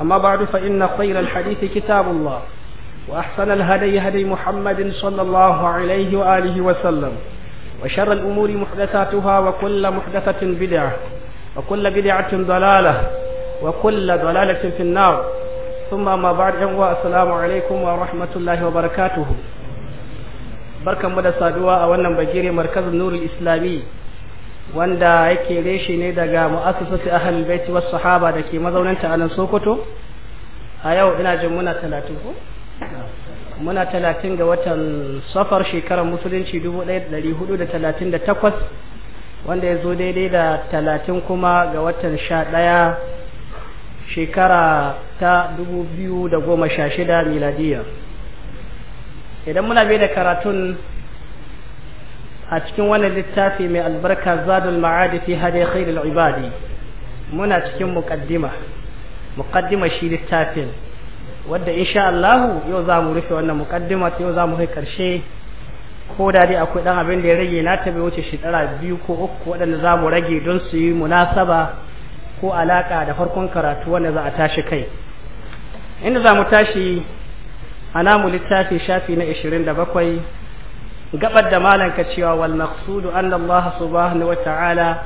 أما بعد فإن خير الحديث كتاب الله وأحسن الهدي هدي محمد صلى الله عليه وآله وسلم وشر الأمور محدثاتها وكل محدثة بدعة وكل بدعة ضلالة وكل ضلالة في النار ثم ما بعد السلام عليكم ورحمة الله وبركاته بركة مدى صادوة أولا بجيري مركز النور الإسلامي wanda yake reshe ne daga mu'assasati ahlul bait was sahaba dake mazaunanta a nan Sokoto a yau ina jin muna 30 ko muna 30 ga watan safar shekarar musulunci 1438 wanda ya zo daidai da 30 kuma ga watan 11 shekara ta 2016 miladiya idan muna bai da karatun a cikin wannan littafi mai albarka zadul ma'adi fi hadi khairul ibadi muna cikin muqaddima muqaddima shi littafin wadda insha Allah yau za mu rufe wannan muqaddima yau za mu kai karshe ko da dai akwai dan abin da ya rage na ta bai wuce shekara biyu ko uku waɗanda za mu rage don su yi munasaba ko alaka da farkon karatu wanda za a tashi kai inda za mu tashi a namu littafi shafi na 27 gabar da malanka cewa wal maqsudu anna Allah subhanahu wa ta'ala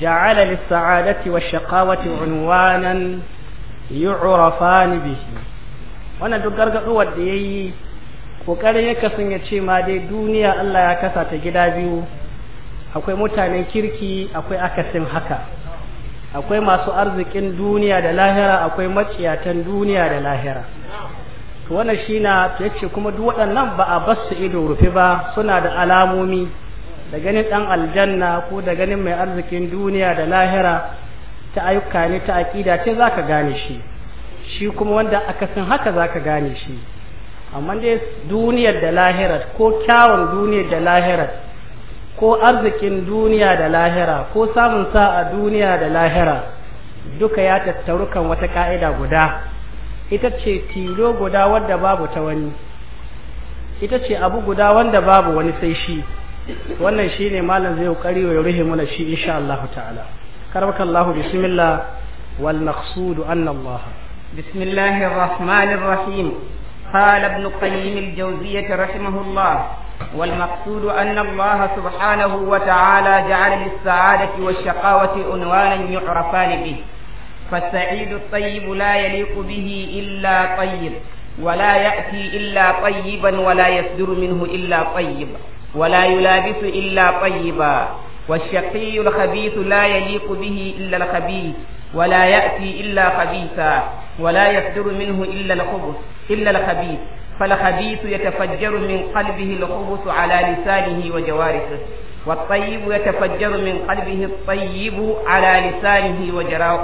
ja'ala lis-sa'adati wash-shaqawati unwanan yu'rafan bihi wannan duk gargaduwar da yayi kokarin ya kasan ce ma dai duniya Allah ya kasa ta gida biyu akwai mutanen kirki akwai akasin haka akwai masu arzikin duniya da lahira akwai maciyatan duniya da lahira to wannan shi na yace kuma duk waɗannan ba a basu ido rufe ba suna da alamomi da ganin ɗan aljanna ko da ganin mai arzikin duniya da lahira ta ayyuka ne ta aƙida ce za ka gane shi shi kuma wanda akasin haka za ka gane shi amma dai duniyar da lahirar ko kyawun duniyar da lahirar ko arzikin duniya da lahira ko samun sa'a duniya da lahira duka ya tattaru kan wata ka'ida guda ita ce tilo guda wadda babu ta wani ita ce abu guda wanda babu wani sai shi wannan shi ne malam zai kokari ya ruhe mana shi insha Allah ta'ala karbaka Allah bismillah wal maqsud anna Allah bismillahir rahmanir rahim قال ابن قيم الجوزية رحمه الله والمقصود أن الله سبحانه وتعالى جعل للسعادة والشقاوة عنوانا يعرفان به فالسعيد الطيب لا يليق به إلا طيب ولا يأتي إلا طيبا ولا يصدر منه إلا طيب ولا يلابس إلا طيبا والشقي الخبيث لا يليق به إلا الخبيث ولا يأتي إلا خبيثا ولا يصدر منه إلا الخبث إلا الخبيث فالخبيث يتفجر من قلبه الخبث على لسانه وجوارحه والطيب يتفجر من قلبه الطيب على لسانه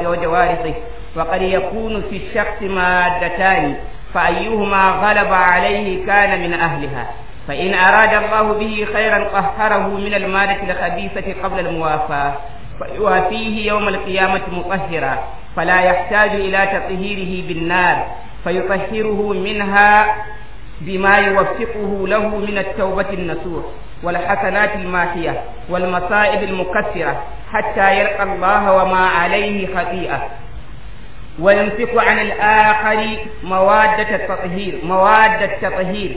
وجوارحه وقد يكون في الشخص مادتان فأيهما غلب عليه كان من أهلها فإن أراد الله به خيرا طهره من المادة الخبيثة قبل الموافاة وفيه يوم القيامة مطهرا فلا يحتاج إلى تطهيره بالنار فيطهره منها بما يوفقه له من التوبة النصوح والحسنات الماحية والمصائب المكثرة حتى يلقى الله وما عليه خطيئة وينفق عن الآخر مواد التطهير مواد التطهير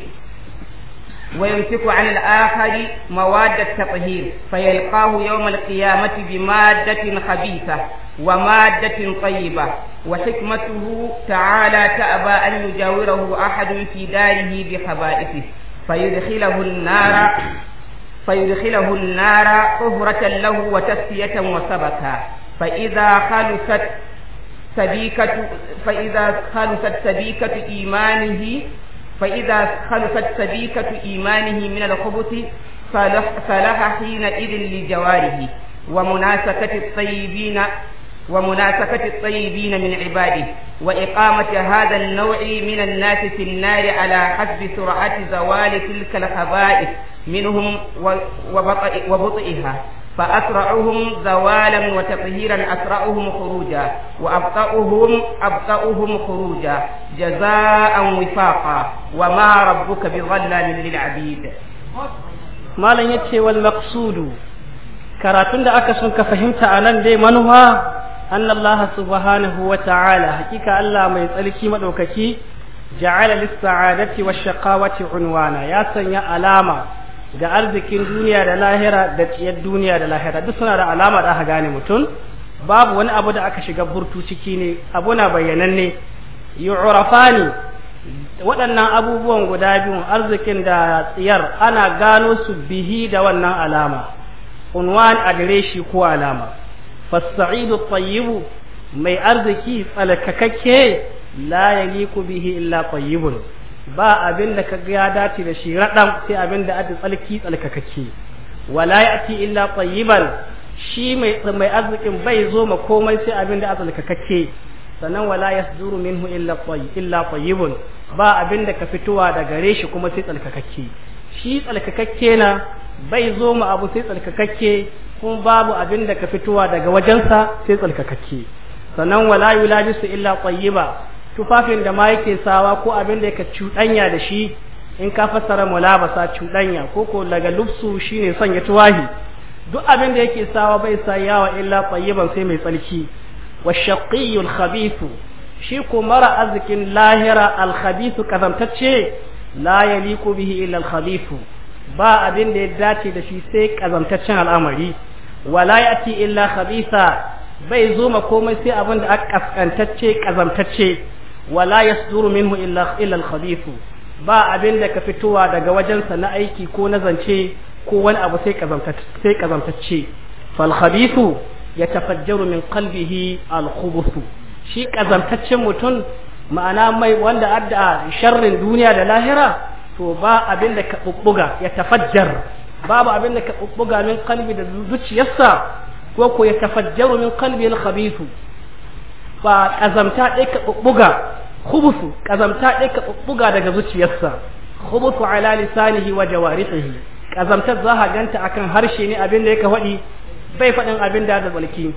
ويمسك عن الآخر مواد التطهير فيلقاه يوم القيامة بمادة خبيثة ومادة طيبة وحكمته تعالى تأبى أن يجاوره أحد في داره بخبائثه فيدخله النار فيدخله النار طهرة له وتسفية وسبكا فإذا خلصت سبيكة فإذا خلصت سبيكة إيمانه فإذا خلفت سبيكة إيمانه من الخبث صلح حينئذ لجواره ومناسكة الطيبين ومناسكة الطيبين من عباده وإقامة هذا النوع من الناس في النار على حسب سرعة زوال تلك الخبائث منهم وبطئها فأسرعهم زوالا وتطهيرا أسرعهم خروجا وأبطأهم أبطأهم خروجا جزاء وفاقا وما ربك بظلام للعبيد ما لن يتشي والمقصود karatun da aka sun fahimta a nan dai manuwa annallaha subhanahu wa ta'ala hakika Allah mai tsarki madaukaki ja'ala lis-sa'adati wash unwana ya sanya alama da arzikin duniya da lahira da tsiyar duniya da lahira duk suna da alama da aka gane mutum babu wani abu da aka shiga burtu ciki ne abu na bayyananne ne waɗannan abubuwan guda biyu arzikin da tsiyar ana gano su bihi da wannan alama unwan adireshi ko alama fasa'idu tayyibu mai arziki tsalkakakke la yaliku bihi illa tayyibun ba abin da kaga ya dace da shi radan sai abin da ake tsalki tsalkakake wala yati illa tayyiban shi mai mai arzikin bai zo ma komai sai abin da tsalkakake sannan wala yasduru minhu illa tayyib illa tayyibun ba abin da ka fitowa da gare shi kuma sai tsalkakake shi tsalkakakke na bai zo ma abu sai tsalkakakke kuma babu abin da ka fitowa daga wajensa sai tsalkakakke sannan wala yulajisu illa tayyiba tufafin da ma yake sawa ko abin da yake cuɗanya da shi in ka fassara mulabasa cuɗanya ko ko daga lufsu shine sanya tuwahi duk abin da yake sawa bai sa yawa illa tayyiban sai mai tsarki wa shaqiyul khabithu shi ko mara arzikin lahira al khabithu kazamtacce la yaliqu bihi illa al khabithu ba abin da ya dace da shi sai kazamtaccen al'amari wala yati illa khabitha bai zo ma komai sai abin da aka kaskantacce kazamtacce wala yasduru minhu illa illa al ba abin da ka fitowa daga wajensa na aiki ko na zance ko wani abu sai sai kazantacce fal khabithu yatafajjaru min qalbihi al khubuth shi kazantaccen mutum ma'ana mai wanda adda sharrin duniya da lahira to ba abin da ka bubbuga ya tafajjar babu abin da ka bubbuga min qalbi da zuciyarsa ko ko ya tafajjaru min qalbi al khabithu ba kazamta ɗaya ka bubbuga khubusu kazamta ɗaya ka bubbuga daga zuciyarsa khubusu ala lisanihi wa jawarihi ƙazamta za a ganta akan harshe ne abin da yake faɗi bai faɗin abin da da balki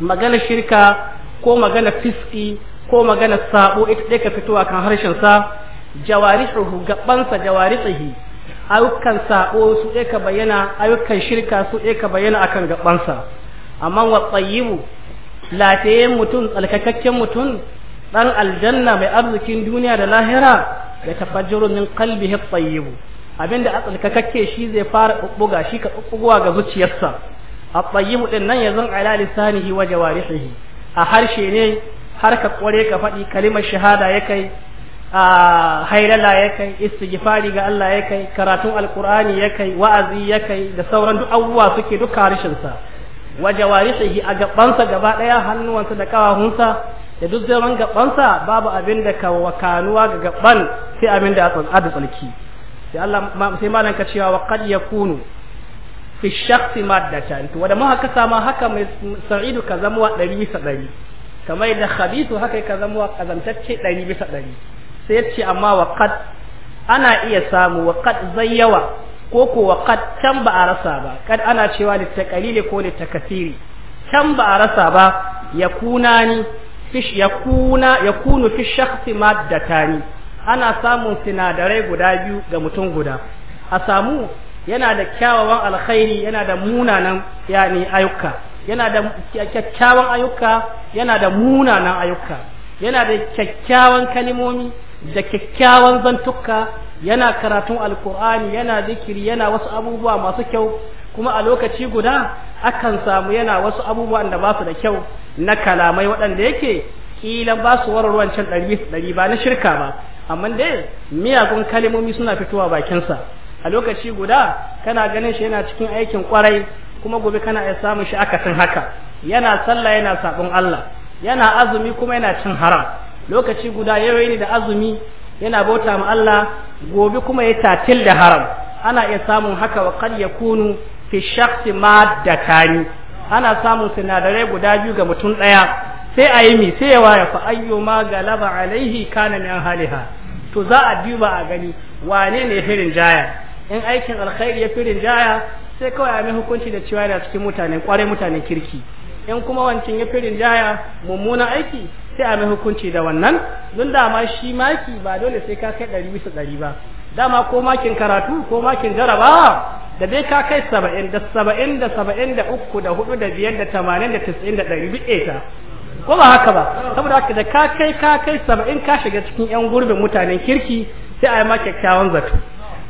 magana shirka ko magana fiski ko magana sabo ita ɗaya ka fitowa kan harshen sa jawarihu gabansa jawarihi ayyukan sabo su ɗaya ka bayyana ayyukan shirka su ɗaya ka bayyana akan gabansa amma wa tsayibu lafiyayyen mutum tsalkakakken mutum dan aljanna mai arzikin duniya da lahira da tafajjurun min qalbihi at-tayyib abinda a tsalkakakke shi zai fara bubbuga shi ka bubbugowa ga zuciyarsa at-tayyib din nan yazan ala lisanihi wa jawarihi a harshe ne har ka kware ka faɗi kalimar shahada ya kai a hailala ya kai istighfari ga Allah ya kai karatun alkur'ani ya kai wa'azi ya kai da sauran duk abubuwa suke duka harshen sa wa jawarisihi a gabansa gaba daya hannuwansa da kawahunsa da duk zauren gabansa babu abin da ka wakanuwa ga gaban sai abin da a da tsalki sai Allah sai malan ka cewa wa qad yakunu fi shakhsi maddatan to wanda muka sama haka mai sa'idu ka zama wa 100 bisa 100 kamar da khabithu haka ka zama wa kazantacce 100 bisa 100 sai ce amma wa qad ana iya samu wa qad zayyawa ko kuwa kat can ba a rasa ba kad ana cewa litaqalili ko kasiri can ba a rasa ba yakuna ni fish yakuna yakunu fi shakhsi maddatani ana samun sinadarai guda biyu ga mutum guda a samu yana da kyawawan alkhairi yana da munanan yani ayyuka yana da kyakkyawan ayyuka yana da munanan ayyuka yana da kyakkyawan kalimomi da kyakkyawan zantuka yana karatun alkur'ani yana zikiri yana wasu abubuwa masu kyau kuma a lokaci guda akan samu yana wasu abubuwa da ba su da kyau na kalamai waɗanda yake kila ba su warar wancan ɗari ba na shirka ba amma dai miyagun kalimomi suna fitowa bakinsa a lokaci guda kana ganin shi yana cikin aikin kwarai kuma gobe kana iya samun shi akasin haka yana sallah yana sabon Allah yana azumi kuma yana cin haram lokaci guda yayi ne da azumi yana bauta ma Allah gobe kuma ya tatil da haram ana iya samun haka wa kan yakunu fi shakhsi maddatani ana samun sinadarai guda biyu ga mutum daya sai a yi mi sai ya waya fa ayyuma galaba alaihi kana min haliha to za a duba a gani wane ne firin jaya in aikin alkhairi ya firin jaya sai kawai a mai hukunci da cewa yana cikin mutane kwarai mutanen kirki in kuma wancan ya firin jaya mummunan aiki sai a mai hukunci da wannan don dama shi maki ba dole sai ka kai ɗari bisa ɗari ba dama ko makin karatu ko makin jaraba da dai ka kai saba'in da saba'in da saba'in da uku da hudu da biyar da tamanin da tasirin da ɗari biɗe ta ko ba haka ba saboda haka da ka kai ka kai saba'in ka shiga cikin yan gurbin mutanen kirki sai a yi ma kyakkyawan zato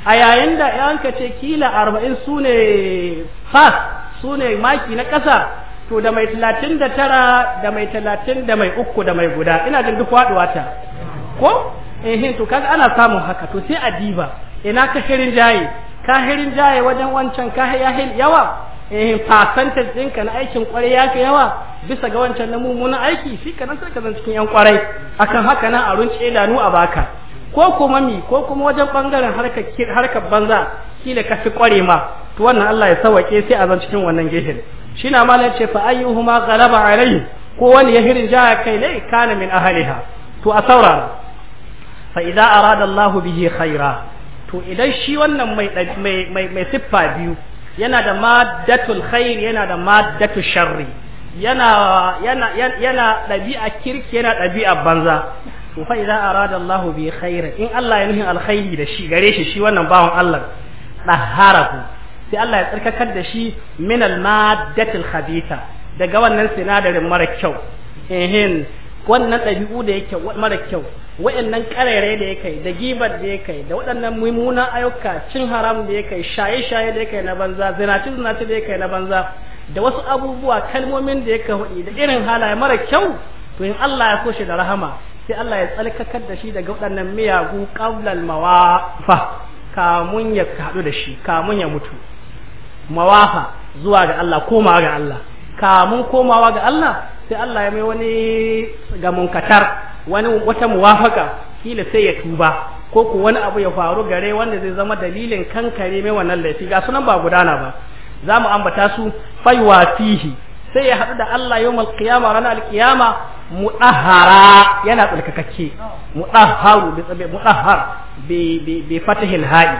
a yayin da yan ka ce kila arba'in su ne fas su ne maki na ƙasa to da mai talatin da tara da mai talatin da mai uku da mai guda ina jin duk waɗuwa ta ko eh to kaga ana samun haka to sai a diba ina ka hirin jaye ka hirin jaye wajen wancan ka hin yawa eh percentage ɗinka na aikin kwarai ya fi yawa bisa ga wancan na mummuna aiki shi kana sai ka zan cikin yan kwarai akan haka nan a runce idanu a baka ko kuma mi ko kuma wajen bangaren harkar harkar banza kila ka fi kware ma to wannan Allah ya sawake sai a zan cikin wannan gehin shi na malar ce fa ayyuhuma galaba alai ko wani ya hirin jaya kai ne kana min ahaliha to a saurara fa idza arada Allah bihi khaira to idan shi wannan mai mai mai siffa biyu yana da maddatul khair yana da maddatul sharri yana yana yana dabi'a kirki yana dabi'a banza to fa idza arada Allah bihi khaira in Allah ya nuhi alkhairi da shi gare shi shi wannan bawon Allah daharahu sai Allah ya tsarkakar da shi min al-maddatil khabitha daga wannan sinadarin mara kyau ehin wannan ɗabi'u da yake mara kyau waɗannan karere da yake da gibar da yake da waɗannan mummunan ayyuka cin haram da yake shaye-shaye da yake na banza zinaci zinaci da yake na banza da wasu abubuwa kalmomin da yake hudi da irin halaye mara kyau to in Allah ya so da rahama sai Allah ya tsalkakar da shi daga waɗannan miyagu qawlal mawafa kamun ya haɗu da shi kamun ya mutu mawafa zuwa ga Allah komawa ga Allah kamun komawa ga Allah sai Allah ya mai wani ga munkatar wani wata muwafaka kila sai ya tuba ko ku wani abu ya faru gare wanda zai zama dalilin kankare mai wannan laifi ga sunan ba gudana ba za mu ambata su faiwa fihi sai ya haɗu da Allah yau malkiyama ranar alkiyama muɗahara yana tsarkakakke muɗaharu muɗahar bi fatahil ha'i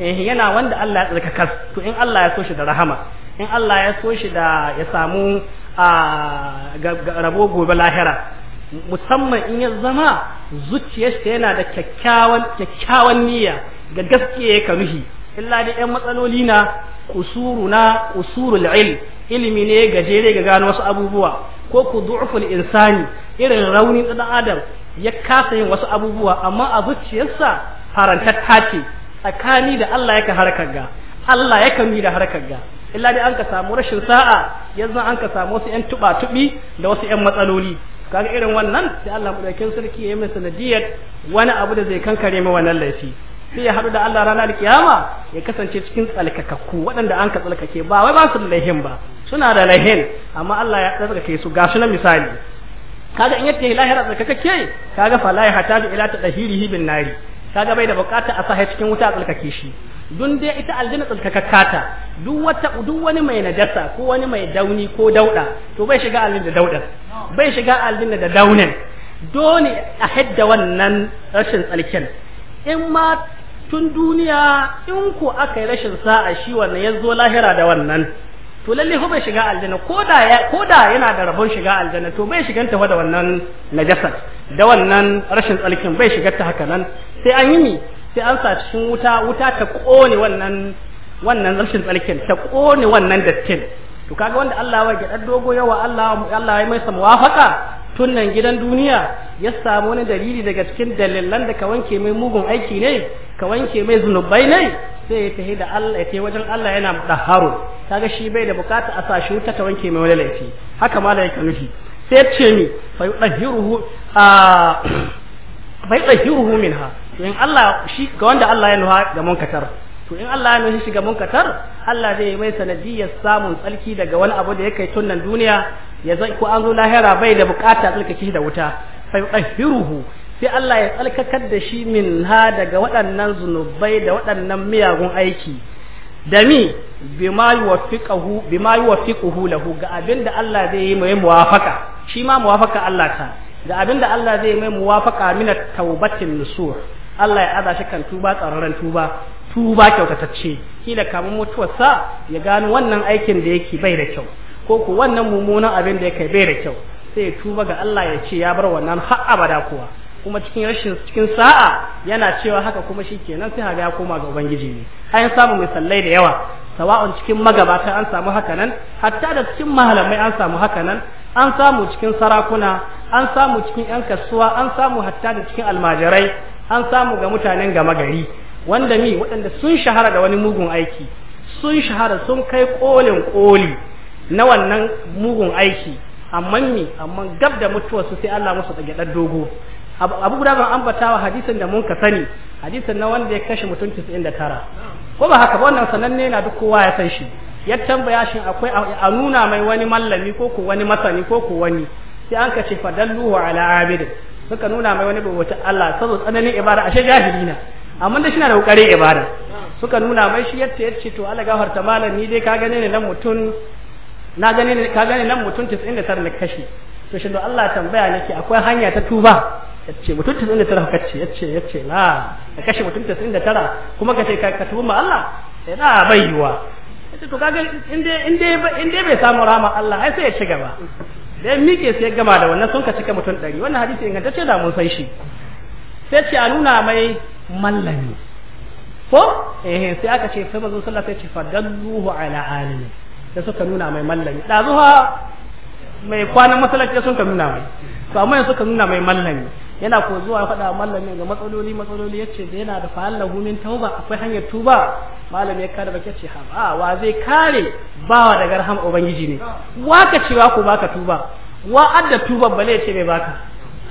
eh yana wanda Allah ya kas to in Allah ya so shi da rahama in Allah ya so shi da ya samu a rabo gobe lahira musamman in ya zama zuciyarsa yana da kyakkyawan kyakkyawan niyya ga gaskiya ka ruhi illa da 'yan matsaloli na kusuru na kusurul ilm ilimi ne gajere ga gano wasu abubuwa ko ku du'ful insani irin raunin ɗan adam ya kasa yin wasu abubuwa amma a zuciyarsa farantar take tsakani da Allah yaka harkar ga Allah yake mi da harkar ga illa dai an ka samu rashin sa'a yanzu an ka samu wasu yan tuba tubi da wasu yan matsaloli kaga irin wannan da Allah madaukakin sarki ya yi sanadiyar wani abu da zai kankare mai wannan laifi sai ya haɗu da Allah ranar kiyama ya kasance cikin tsalkakakku waɗanda an ka tsalkake ba wai ba su da laihin ba suna da laihin amma Allah ya tsalkake su ga su na misali kaga in yatta lahira tsalkakakke kaga fala ya hata ila dahirihi bin nari kaga bai da bukata a sahi cikin wuta a tsalkake shi dun dai ita aljanna tsalkakakka ta duk wata duk wani mai najasa ko wani mai dauni ko dauda to bai shiga aljanna da daudar bai shiga aljanna da daunin dole a hadda wannan rashin tsalkin in ma tun duniya in ko aka yi rashin sa'a shi wannan ya zo lahira da wannan to lalle fa bai shiga aljanna ko ya yana da rabon shiga aljanna to bai shiganta ta da wannan najasar da wannan rashin tsalkin bai shiga ta haka nan sai an yi ni sai an sa cikin wuta wuta ta kone wannan wannan rashin tsalkin ta kone wannan dattin to kaga wanda Allah ya gadar dogo yawa Allah Allah ya mai samu muwafaka tun nan gidan duniya ya samu wani dalili daga cikin dalilan da ka wanke mai mugun aiki ne ka wanke mai zunubai ne sai ya tafi da Allah ya wajen Allah yana haro. kaga shi bai da bukata a sa shi wuta ta wanke mai wani laifi haka malam yake nufi sai ce ni fa yudahiruhu a fa yudahiruhu minha to in Allah shi ga wanda Allah ya nuha ga munkatar to in Allah ya nuhi shi ga munkatar Allah zai mai sanadiyar samun tsalki daga wani abu da yake kai tunnan duniya ya zai ko an zo lahira bai da bukata tsalkake da wuta fa yudahiruhu sai Allah ya tsalkakar da shi min ha daga waɗannan zunubai da waɗannan miyagun aiki da mi bima wa bima yuwaffiquhu lahu ga abinda Allah zai yi mai muwafaka shi ma muwafaka Allah ta ga abinda Allah zai yi mai muwafaka mina taubatin nusuh Allah ya aza shi kan tuba tsararren tuba tuba kyautatacce kila kamar mutuwarsa ya gano wannan aikin da yake bai da kyau ko ku wannan mummunan abin da yake bai da kyau sai ya tuba ga Allah ya ce ya bar wannan har abada kuwa kuma cikin rashin cikin sa'a yana cewa haka kuma shi kenan sai haga ya koma ga ubangiji ne an samu sallai da yawa sawa'un cikin magabata an samu haka nan hatta da cikin mahalamai an samu haka nan an samu cikin sarakuna an samu cikin yan kasuwa an samu hatta da cikin almajirai an samu ga mutanen gama gari wanda mi waɗanda sun shahara da wani mugun aiki sun shahara sun kai kolin koli na wannan mugun aiki amma ne, amma gab da mutuwarsu sai Allah musu ɗage dogo abu guda ban wa hadisin da mun ka sani hadisin na wanda ya kashe mutum 99 ko ba haka ba wannan sananne na duk kowa ya san shi ya tambaya shin akwai a nuna mai wani mallami ko ko wani masani ko ko wani sai an ka ce fadalluhu ala abid suka nuna mai wani bauta Allah saboda tsananin ibada ashe jahili na amma da shi na da kokarin ibada suka nuna mai shi yace yace to Allah gafarta malam ni dai ka gane ne nan mutum na gane ne ka gane nan mutum 99 ne kashe to shin Allah tambaya nake akwai hanya ta tuba yace mutum tara kace yace yace la ka kashe mutum tara kuma ce ka ka tuma Allah sai da bai yiwa yace to kaga inde inde inde bai samu rama Allah ai sai ya ci gaba dan mike sai ya gama da wannan sun ka cika mutum dari wannan hadisi ingantacce da mun san shi sai ce a nuna mai mallami ko eh sai aka ce sai manzon sallallahu alaihi wasallam sai ce fadalluhu ala alimi da suka nuna mai mallami da zuwa mai kwanan masallaci sun ka nuna mai to amma yanzu ka nuna mai mallami yana ko zuwa faɗa mallamin ga matsaloli matsaloli yace da yana da fa'allahu gumin tauba akwai hanyar tuba malami ya kare bake ce ha a wa zai kare bawa daga raham ubangiji ne ce wa ko baka tuba wa adda tuba bale ce mai baka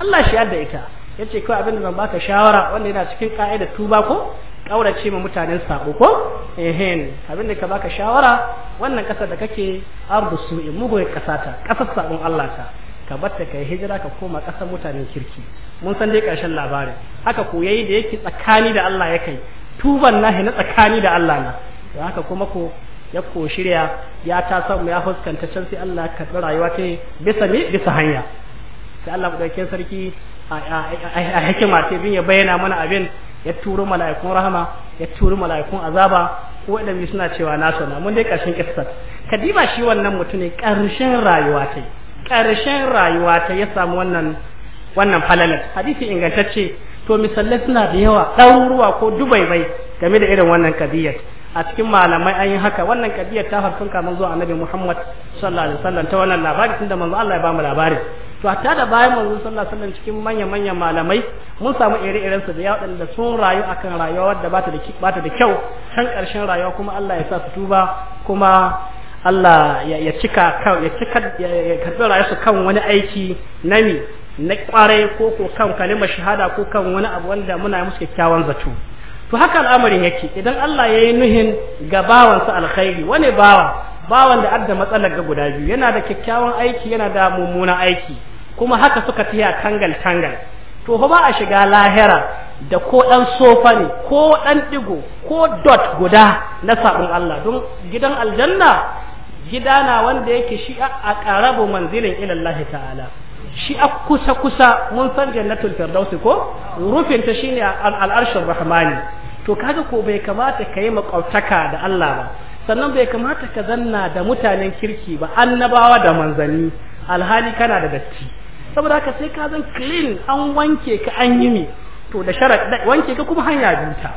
Allah shi adda ita yace kawai abin da zan baka shawara wanda yana cikin ka'ida tuba ko kaurace ma mutanen sabo ko ehen abin da ka baka shawara wannan kasar da kake ardu su'i mugoyar kasata kasar sabon Allah ta ka batta kai hijira ka koma ƙasar mutanen kirki mun san dai ƙarshen labarin haka yayi da yake tsakani da Allah ya kai tuban nahi na tsakani da Allah na don haka kuma ko ya ko shirya ya ta samu ya fuskanta can sai Allah ka karɓi rayuwa ta bisa ne bisa hanya sai Allah ɗauke sarki a hikima ta bin ya bayyana mana abin ya turo mala'ikun rahama ya turo mala'ikun azaba ko waɗanda suna cewa na sona mun dai ƙarshen kissar kadiba shi wannan mutum ne ƙarshen rayuwa ta ƙarshen rayuwa ta ya samu wannan wannan falalar hadisi ingantacce to misalai suna da yawa ɗaruruwa ko dubai bai game da irin wannan kabiyar a cikin malamai an yi haka wannan kabiyar ta farkon kamar zuwa annabi Muhammad sallallahu alaihi wasallam ta wannan labari tunda manzo Allah ya bamu labari to hatta da bayan manzo sallallahu alaihi wasallam cikin manyan manyan malamai mun samu ire-iren su da yawa da sun rayu akan rayuwa wadda bata da bata da kyau kan karshen rayuwa kuma Allah ya sa su tuba kuma Allah ya cika kan ya cika ya karbi rayuwarsu kan wani aiki na mi na kwarai ko ko kan kalimar shahada ko kan wani abu wanda muna musu kyakkyawan zato to haka al'amarin yake idan Allah ya yi nuhin ga bawansa alkhairi wani bawa bawan da adda matsalar ga guda biyu yana da kyakkyawan aiki yana da mummunan aiki kuma haka suka tiya tangal tangal to ba a shiga lahira da ko ɗan sofa ne ko ɗan ɗigo ko dot guda na saɓin Allah don gidan aljanna gida na wanda yake shi a ƙarabu manzilin ilallahi ta'ala shi a kusa kusa mun san jannatul firdausi ko rufin ta shine al'arshin rahmani to kaga ko bai kamata ka yi makautaka da Allah ba sannan bai kamata ka zanna da mutanen kirki ba annabawa da manzanni alhali kana da datti saboda haka sai ka zan clean an wanke ka an yi mi to da sharar wanke ka kuma hanya biyu ta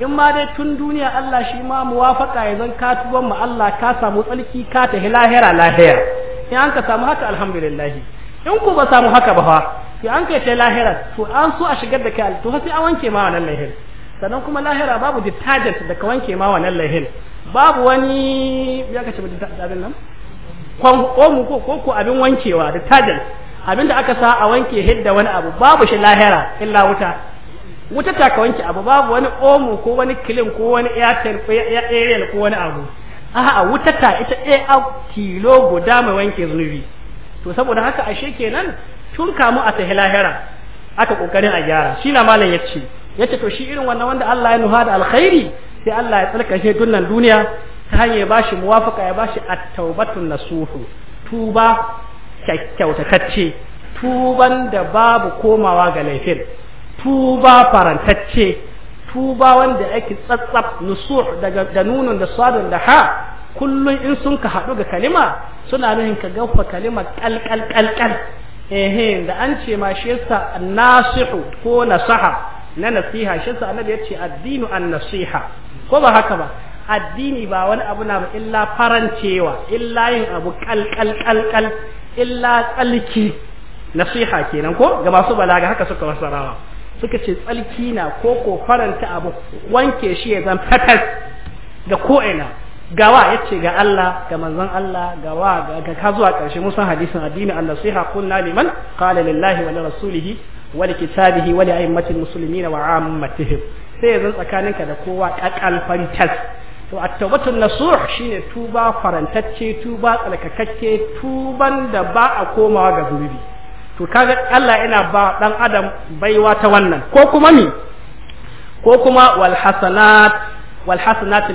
in ma dai tun duniya Allah shi ma muwafaka ya zan ka tuban mu Allah ka samu tsalki ka ta lahira lahira in an ka samu haka alhamdulillah in ku ba samu haka ba fa to an kai ta lahira to an so a shigar da kai to sai an wanke ma wannan lahir sannan kuma lahira babu detergent da ka wanke ma wannan lahir babu wani ya kace abin nan kwan ko ko ko abin wankewa detergent Abin da aka sa a wanke hidda wani abu babu shi lahira illa wuta wuta ta ka wanke abu babu wani omo ko wani kilin ko wani airtel ko airtel ko wani abu a'a wuta ta ita a kilo guda mai wanke zunubi to saboda haka ashe kenan tun kamu a ta lahira aka kokarin a gyara shi na malam yace yace to shi irin wannan wanda Allah ya nuha da alkhairi sai Allah ya tsarkake dunnan duniya ta hanyar ya bashi muwafaka ya bashi at-taubatun nasuhu tuba kyautatacce tuban da babu komawa ga laifin tuba farantacce tuba wanda ake tsatsab nusu daga da nunun da sadun da ha kullum in sun ka haɗu ga kalima suna nuhin ka gafa kalimar kalkalkalkal ehe da an ce ma shi yasa nasihu ko nasaha na nasiha shi yasa annabi ya ce addinu an nasiha ko ba haka ba addini ba wani abu na ba illa farancewa illa yin abu kalkalkalkal illa tsalki nasiha kenan ko ga masu balaga haka suka rawa suka ce tsalki na ko ko faranta abu wanke shi ya zan fatas ga ko'ina gawa ya ce ga Allah ga manzon Allah gawa ga ka zuwa ƙarshe musan hadisin addini an nasiha kunna liman qala lillahi wa li rasulihi wa li kitabihi wa li a'immatil muslimina wa ammatihim sai ya zan tsakaninka da kowa kakal fantas. to at-tawbatun nasuh shine tuba farantacce tuba tsalkakakke tuban da ba a komawa ga zunubi to kaga Allah yana ba dan adam baiwa ta wannan ko kuma ni ko kuma wal hasanat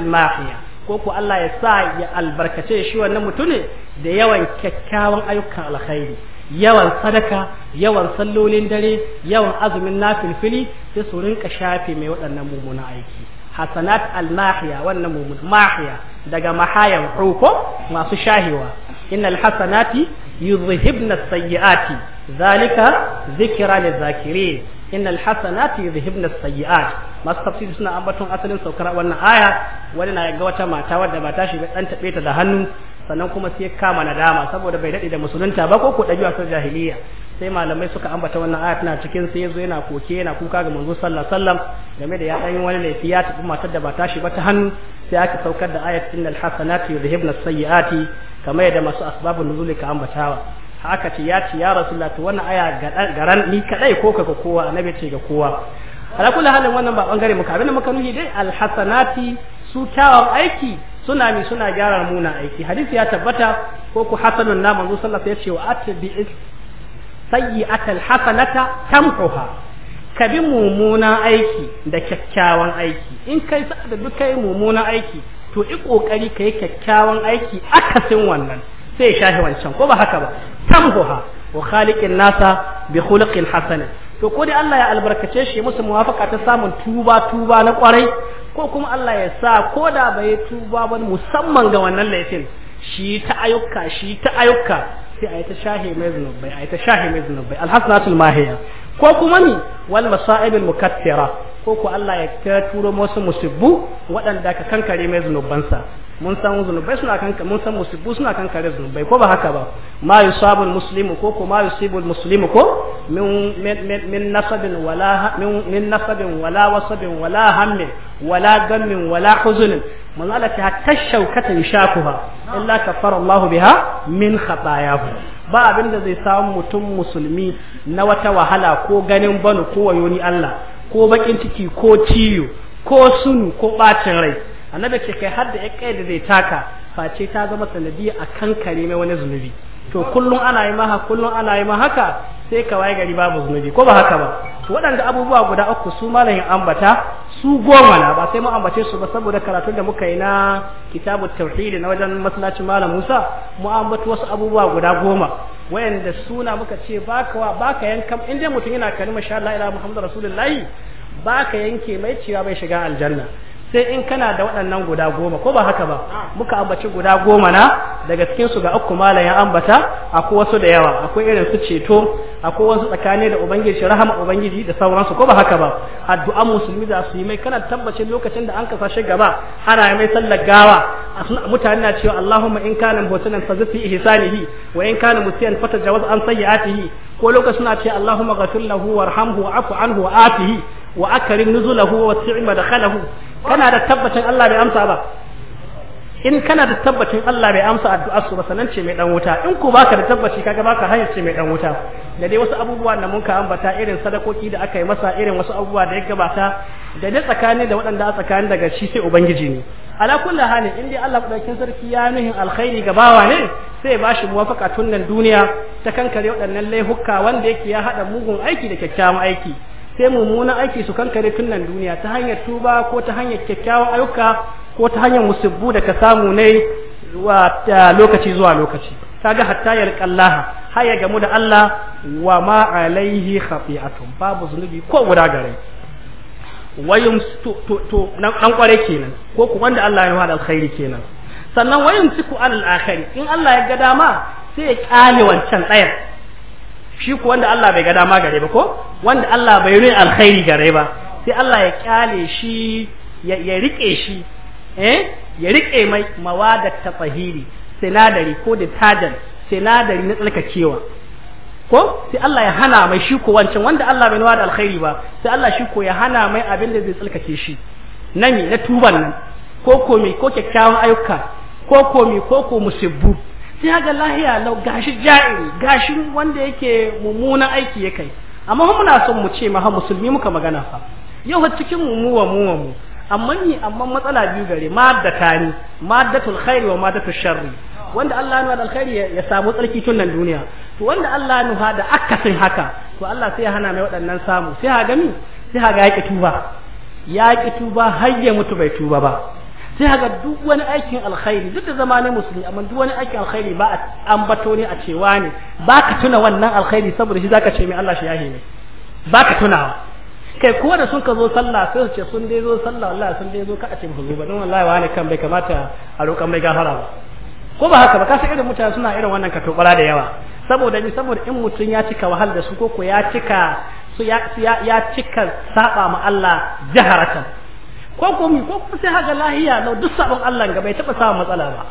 ko ku Allah ya sa ya albarkace shi wannan mutune da yawan kyakkyawan ayyukan alkhairi yawan sadaka yawan sallolin dare yawan azumin nafilfili sai su rinka shafe mai waɗannan mummunan aiki hasanat al-mahiya wannan mumun mahiya daga mahayan hukum masu shahiwa innal hasanati yuzhibna as-sayyi'ati zalika zikira da zakiri innal hasanati yuzhibna as-sayyi'at masu tafsiri suna ambaton asalin saukar wannan aya wani na ga wata mata wadda ba ta shi dan tabe ta da hannu sannan kuma sai kama nadama saboda bai dade da musulunta ba ko ko dabi'a ta jahiliya sai malamai suka ambata wannan aya tana cikin sai yazo yana koke yana kuka ga manzo sallallahu alaihi wasallam game da ya dan yi wani laifi ya tafi matar da ba ta shi ba ta hannu sai aka saukar da ayat innal hasanati yudhibna sayyiati kamar yadda masu asbabun nuzuli ka ambatawa haka ce ya ce ya rasulullah to wannan aya garan ni kadai ko ka kowa annabi ce ga kowa ala kullu halin wannan ba bangare muka abinda muka nuni dai al hasanati su kyawun aiki suna mi suna gyara muna aiki hadisi ya tabbata ko ku hasanun na manzo sallallahu alaihi wasallam ya ce wa atbi sayyi'atal hasanata tamhuha ka bi mummunan aiki da kyakkyawan aiki in kai da duk kai mummunan aiki to i kokari kai kyakkyawan aiki akasin wannan sai shahi wancan ko ba haka ba tamhuha wa khaliqin nasa bi khuluqin hasan to ko dai Allah ya albarkace shi musu muwafaka ta samun tuba tuba na kwarai ko kuma Allah ya sa ko da bai tuba ba musamman ga wannan laifin shi ta ayyuka shi ta ayyuka sai a yi ta shahe mai zunubai a yi ta shahe mai zunubai alhasanatul mahiya ko kuma ni wal masa'ibil mukaffira ko ku Allah ya ta turo musu musibbu waɗanda ka kankare mai zunubansa mun san zunubai suna kan mun san musibu suna kan kare zunubai ko ba haka ba ma yusabul muslimu ko ko ma yusibul muslimu ko min min nasabin wala min nasabin wala wasabin wala hammin wala gammin wala huzunin mun Allah ta hatta shaukata yushakuha illa kafara Allah biha min khatayahu ba abin da zai samu mutum musulmi na wata wahala ko ganin bano ko wayoni Allah ko bakin ciki ko ciyo ko sunu ko bacin rai annabi ce kai har da ya kai da zai taka face ta zama sanadiyya a kankare mai wani zunubi to kullum ana yi maha kullum ana yi haka sai ka waye gari babu zunubi ko ba haka ba to waɗanda abubuwa guda uku su malamin ambata su goma na ba sai mu ambace su ba saboda karatun da muka yi na kitabu tauhid na wajen masallacin malam Musa mu ambata wasu abubuwa guda goma wayanda suna muka ce baka wa baka yankan in dai mutum yana kalmar sha Allah ila Muhammadu Rasulullahi baka yanke mai cewa bai shiga aljanna sai in kana da waɗannan guda goma ko ba haka ba muka ambaci guda goma na daga cikin su ga uku malam ya ambata akwai wasu da yawa akwai irin su ceto akwai wasu tsakani da ubangiji rahama ubangiji da sauransu ko ba haka ba addu'an musulmi da su yi mai kana tabbacin lokacin da an kasa shi gaba ana mai sallar gawa mutane na cewa Allahumma in kana mutanan fazifi ihsanihi wa in kana mutiyan fatajawaz an sayyi'atihi ko lokacin suna ce Allahumma ghafir lahu warhamhu wa'fu anhu wa wa akrim nuzulahu wa da madkhalahu kana da tabbacin Allah bai amsa ba in kana da tabbacin Allah bai amsa addu'ar su ba sanan ce mai dan wuta in ku baka da tabbaci kaga baka hanyar ce mai dan wuta da dai wasu abubuwa da mun ka ambata irin sadakoki da aka yi masa irin wasu abubuwa da ya gabata da ne tsakani da waɗanda a tsakani daga shi sai ubangiji ne ala kulli hali in dai Allah madaukakin sarki ya nuhin alkhairi ga bawa ne sai ya bashi muwafaka tun duniya ta kankare waɗannan laihuka wanda yake ya haɗa mugun aiki da kyakkyawan aiki sai mummunan aiki su kankare tun nan duniya ta hanyar tuba ko ta hanyar kyakkyawan ayyuka ko ta hanyar musubbu da ka samu ne lokaci zuwa lokaci kaga hatta yalqallaha har ya gamu da Allah wa ma alaihi khafi'atun babu zunubi ko guda gare wayum to to nan kware kenan ko ku wanda Allah ya wada alkhairi kenan sannan wayum siku al akhir in Allah ya ga dama sai ya kyale wancan ɗayan shi ku wanda Allah bai ga dama gare ba ko wanda Allah bai nuna alkhairi gare ba sai Allah ya kyale shi ya rike shi eh ya rike mai mawadat tafahiri sinadari ko detergent sinadari na tsarkakewa ko sai Allah ya hana mai shi ko wancan wanda Allah bai nuna alkhairi ba sai Allah shi ko ya hana mai abin da zai tsarkake shi nami na tuban nan ko ko mai ko kyakkyawan ayyuka ko ko mai ko ko musibbu sai ga lahiya lau gashi ja'iri gashi wanda yake mummunan aiki ya kai amma muna son mu ce ma ha musulmi muka magana fa yau har cikin mu wa mu wa mu amma ni amma matsala biyu gare maddata ni maddatul khairi wa maddatul sharri wanda Allah nuna alkhairi ya samu tsarki tun nan duniya to wanda Allah nuna da akasin haka to Allah sai ya hana mai waɗannan samu sai ha gami sai ha ga ya tuba ya tuba har ya mutu bai tuba ba sai ga duk wani aikin alkhairi duk da zama ne musulmi amma duk wani aikin alkhairi ba an bato ne a cewa ne ba ka tuna wannan alkhairi saboda shi zaka ce mai Allah shi yahe ne ba ka tunawa kai ko da sun ka zo sallah sai su ce sun dai zo sallah wallahi sun dai zo ka a ce mu zo ba don wallahi wani kan bai kamata a roƙan mai gafara ba ko ba haka ba ka san irin mutane suna irin wannan ka tobara da yawa saboda ni saboda in mutum ya cika wahal da su ko ko ya cika su ya ya cika saba ma Allah jaharatan ko komi ko sai haka lahiya lau duk sabon Allah ga bai taba samun matsala ba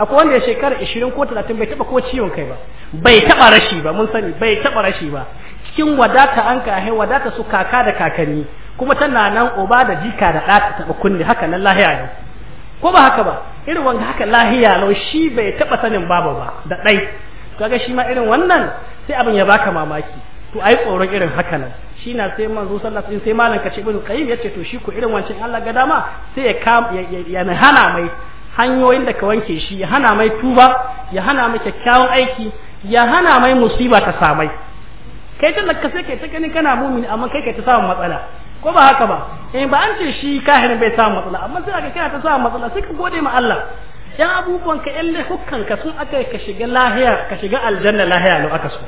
akwai wanda ya shekara 20 ko 30 bai taba ko ciwon kai ba bai taba rashi ba mun sani bai taba rashi ba cikin wadata an hai wadata su kaka da kakanni kuma tana nan oba da jika da ta taba kunne haka nan lahiya ne ko ba haka ba irin wanda haka lahiya lau shi bai taba sanin babu ba da ɗai kaga shi ma irin wannan sai abin ya baka mamaki to ai tsoron irin haka nan shi na sai manzo zo sallah sai malam kace ibn qayyim yace to shi ko irin wancan Allah ga dama sai ya kam ya hana mai hanyoyin da ka wanke shi ya hana mai tuba ya hana mai kyakkyawan aiki ya hana mai musiba ta samai kai tun da ka sai kai ta gani kana mumini amma kai kai ta samun matsala ko ba haka ba eh ba an ce shi kahirin bai samu matsala amma sai aka kana ta samun matsala sai ka gode ma Allah yan abubuwan ka yan hukkan ka sun aka ka shiga lahiya ka shiga aljanna lahiya lo aka so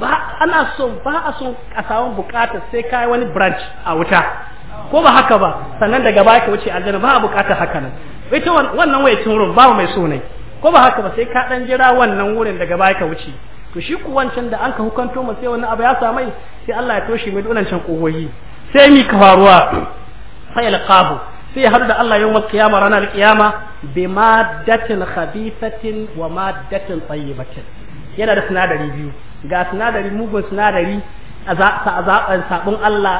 ba ana son ba a son a samu bukata sai yi wani branch a wuta ko ba haka ba sannan daga baya ka wuce aljanna ba a bukata haka nan ita wannan waye wurin ba mai so ne ko ba haka ba sai ka dan jira wannan wurin daga baya ka wuce to shi ku wancan da anka hukanto mu sai abu ya samai sai Allah ya toshe mai dunan can kogoyi sai mi ka faruwa sai alqabu sai haɗu da Allah yawmal kiyama ranar qiyama bi maddatin khabithatin wa maddatin tayyibatin yana da sinadari biyu ga sinadari mugun sinadari a zaɓen sabon Allah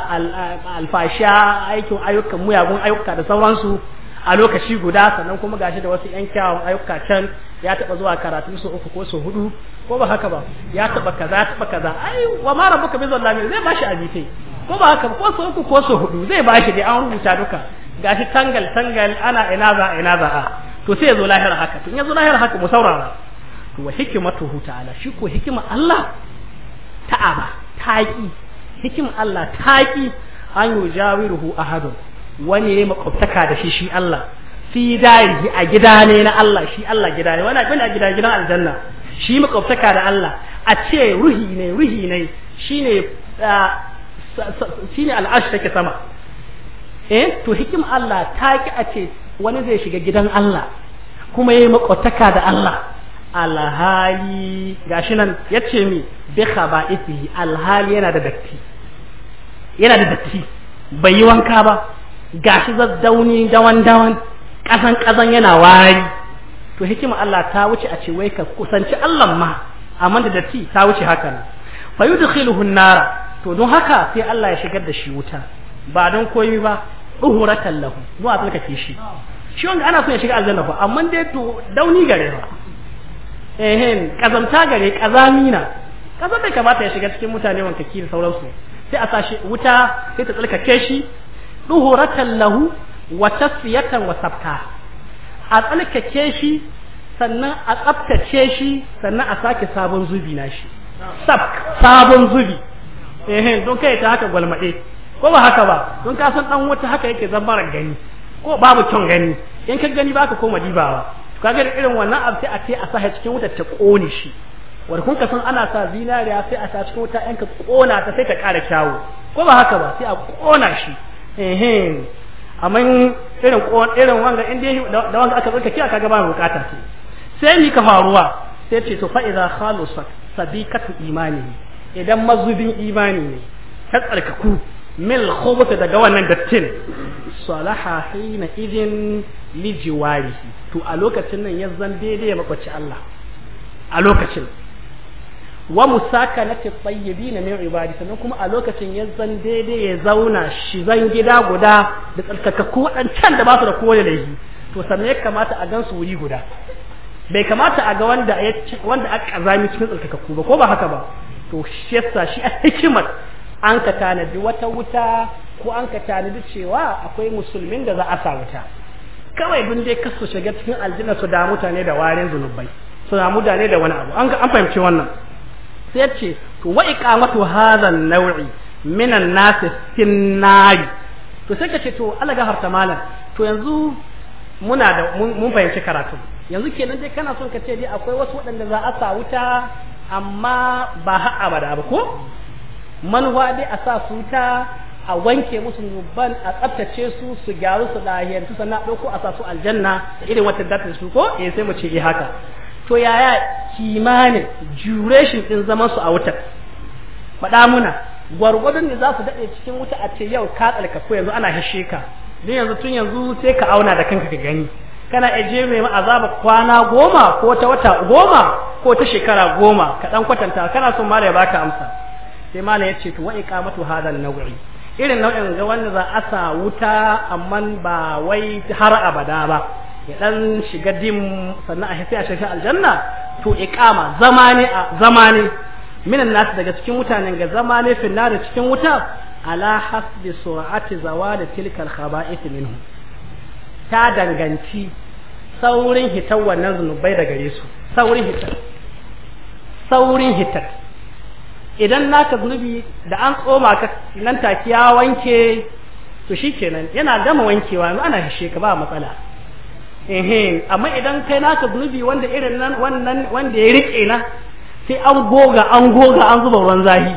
alfasha aikin ayyukan muyagun ayyuka da sauransu a lokaci guda sannan kuma gashi da wasu yan kyawun ayyuka can ya taɓa zuwa karatu su uku ko su hudu ko ba haka ba ya taɓa kaza taɓa kaza ai wa ma rabbuka bi zallami zai bashi abite ko ba haka ba ko su uku ko su hudu zai bashi dai an rubuta duka gashi tangal tangal ana ina za ina za a to sai ya zo lahira haka to in ya zo lahira haka mu saurara to wa hikmatuhu ta'ala shi ko hikima Allah ta'aba taqi hikima Allah taqi an yujawiruhu ahadun wani ne makwabtaka da shi shi Allah fi darihi a gida ne na Allah shi Allah gida ne wani a gida gidan aljanna shi makwabtaka da Allah a ce ruhi ne ruhi ne shine shine al'ash take sama eh to hikim Allah taqi a ce wani zai shiga gidan Allah kuma yayi makwabtaka da Allah alhali gashi nan yace mi bi khaba'ithi alhali yana da datti yana da datti bai yi wanka ba gashi zaddauni dawan dawan kasan kazan yana wari to hikima Allah ta wuce a ce wai ka kusanci Allah ma amma da datti ta wuce haka nan fa yudkhiluhu nara to don haka sai Allah ya shigar da shi wuta ba don koyi ba uhuratan lahu mu a tsarkake shi shi wanda ana so ya shiga aljanna ba amma dai to dauni gare ba ehen kazamta gare kazamina kazan bai kamata ya shiga cikin mutane wankaki da sauransu sai a sashi wuta sai ta tsalka shi duhuratan lahu wa tasfiyatan wa sabta a tsalka shi sannan a tsaftace shi sannan a sake sabon zubi na shi sab sabon zubi ehen don kai ta haka gwalmade ko ba haka ba don ka san dan wata haka yake zambara gani ko babu kyon gani in ka gani baka koma dibawa kage da irin wannan abu sai a ce a sa cikin wuta ta kone shi wanda kun ka san ana sa zinariya sai a sa cikin wuta ɗan ka kona ta sai ta ƙara kyawu ko ba haka ba sai a kona shi amma irin irin wanga in dai da wanga aka tsarkake kiya ga ba bukata ce sai ni ka faruwa sai ce to fa idza khalusat sabikatu imani idan mazubin imani ne ka tsarkaku mil khubuth daga wannan dattin salaha hina idin li jiwarihi to a lokacin nan ya zan daidai ya makwaci Allah a lokacin wa na tsayyabi na min ibadi sannan kuma a lokacin ya zan daidai ya zauna shi zan gida guda da tsarkakakku waɗancan da ba su da kowane laifi to sannan ya kamata a gansu wuri guda bai kamata a ga wanda wanda aka kazami cikin tsarkakakku ba ko ba haka ba to shi yasa shi a hikimar an ka tanadi wata wuta ko an ka tanadi cewa akwai musulmin da za a sa wuta kawai dun dai kasu shiga cikin aljina su da mutane da warin zunubai su da mutane da wani abu an fahimci wannan sai ya ce to wa iqamatu hadhan an-naw'i minan nas fi to sai ka ce to Allah harta malam to yanzu muna da mun fahimci karatu yanzu kenan dai kana son ka ce dai akwai wasu waɗanda za a sa wuta amma ba har abada ba ko manuwa dai a sa su ta a wanke musu zunuban a tsaftace su su gyaru su lahiyantu sannan ɗauko a sa su aljanna da irin wata datin su ko eh sai mu ce eh haka to yaya kimanin jureshin din zaman su a wutar faɗa muna gwargwadon ne za su daɗe cikin wuta a ce yau ka tsarka ko yanzu ana hashe ka don yanzu tun yanzu sai ka auna da kanka ka gani kana aje mai azaba kwana goma ko ta wata goma ko ta shekara goma ka ɗan kwatanta kana son mara ya baka amsa sai malam ya ce to wa iqamatu nau'i irin nau'in ga wanda za a sa wuta amma ba wai har abada ba ya dan shiga dim sannan a sai a shiga aljanna to iqama zamani a zamani minan nas daga cikin mutanen ga zamani finna da cikin wuta ala hasbi sur'ati zawal tilka al-khaba'ith minhum ta danganci saurin hitar wannan zunubai daga gare saurin hitar saurin hitar idan naka zunubi da an tsoma ka nan take ya wanke to shikenan yana gama wankewa yanzu ana hishe ka ba matsala eh amma idan kai naka zunubi wanda irin nan wannan wanda ya rike na sai an goga an goga an zuba ruwan zahi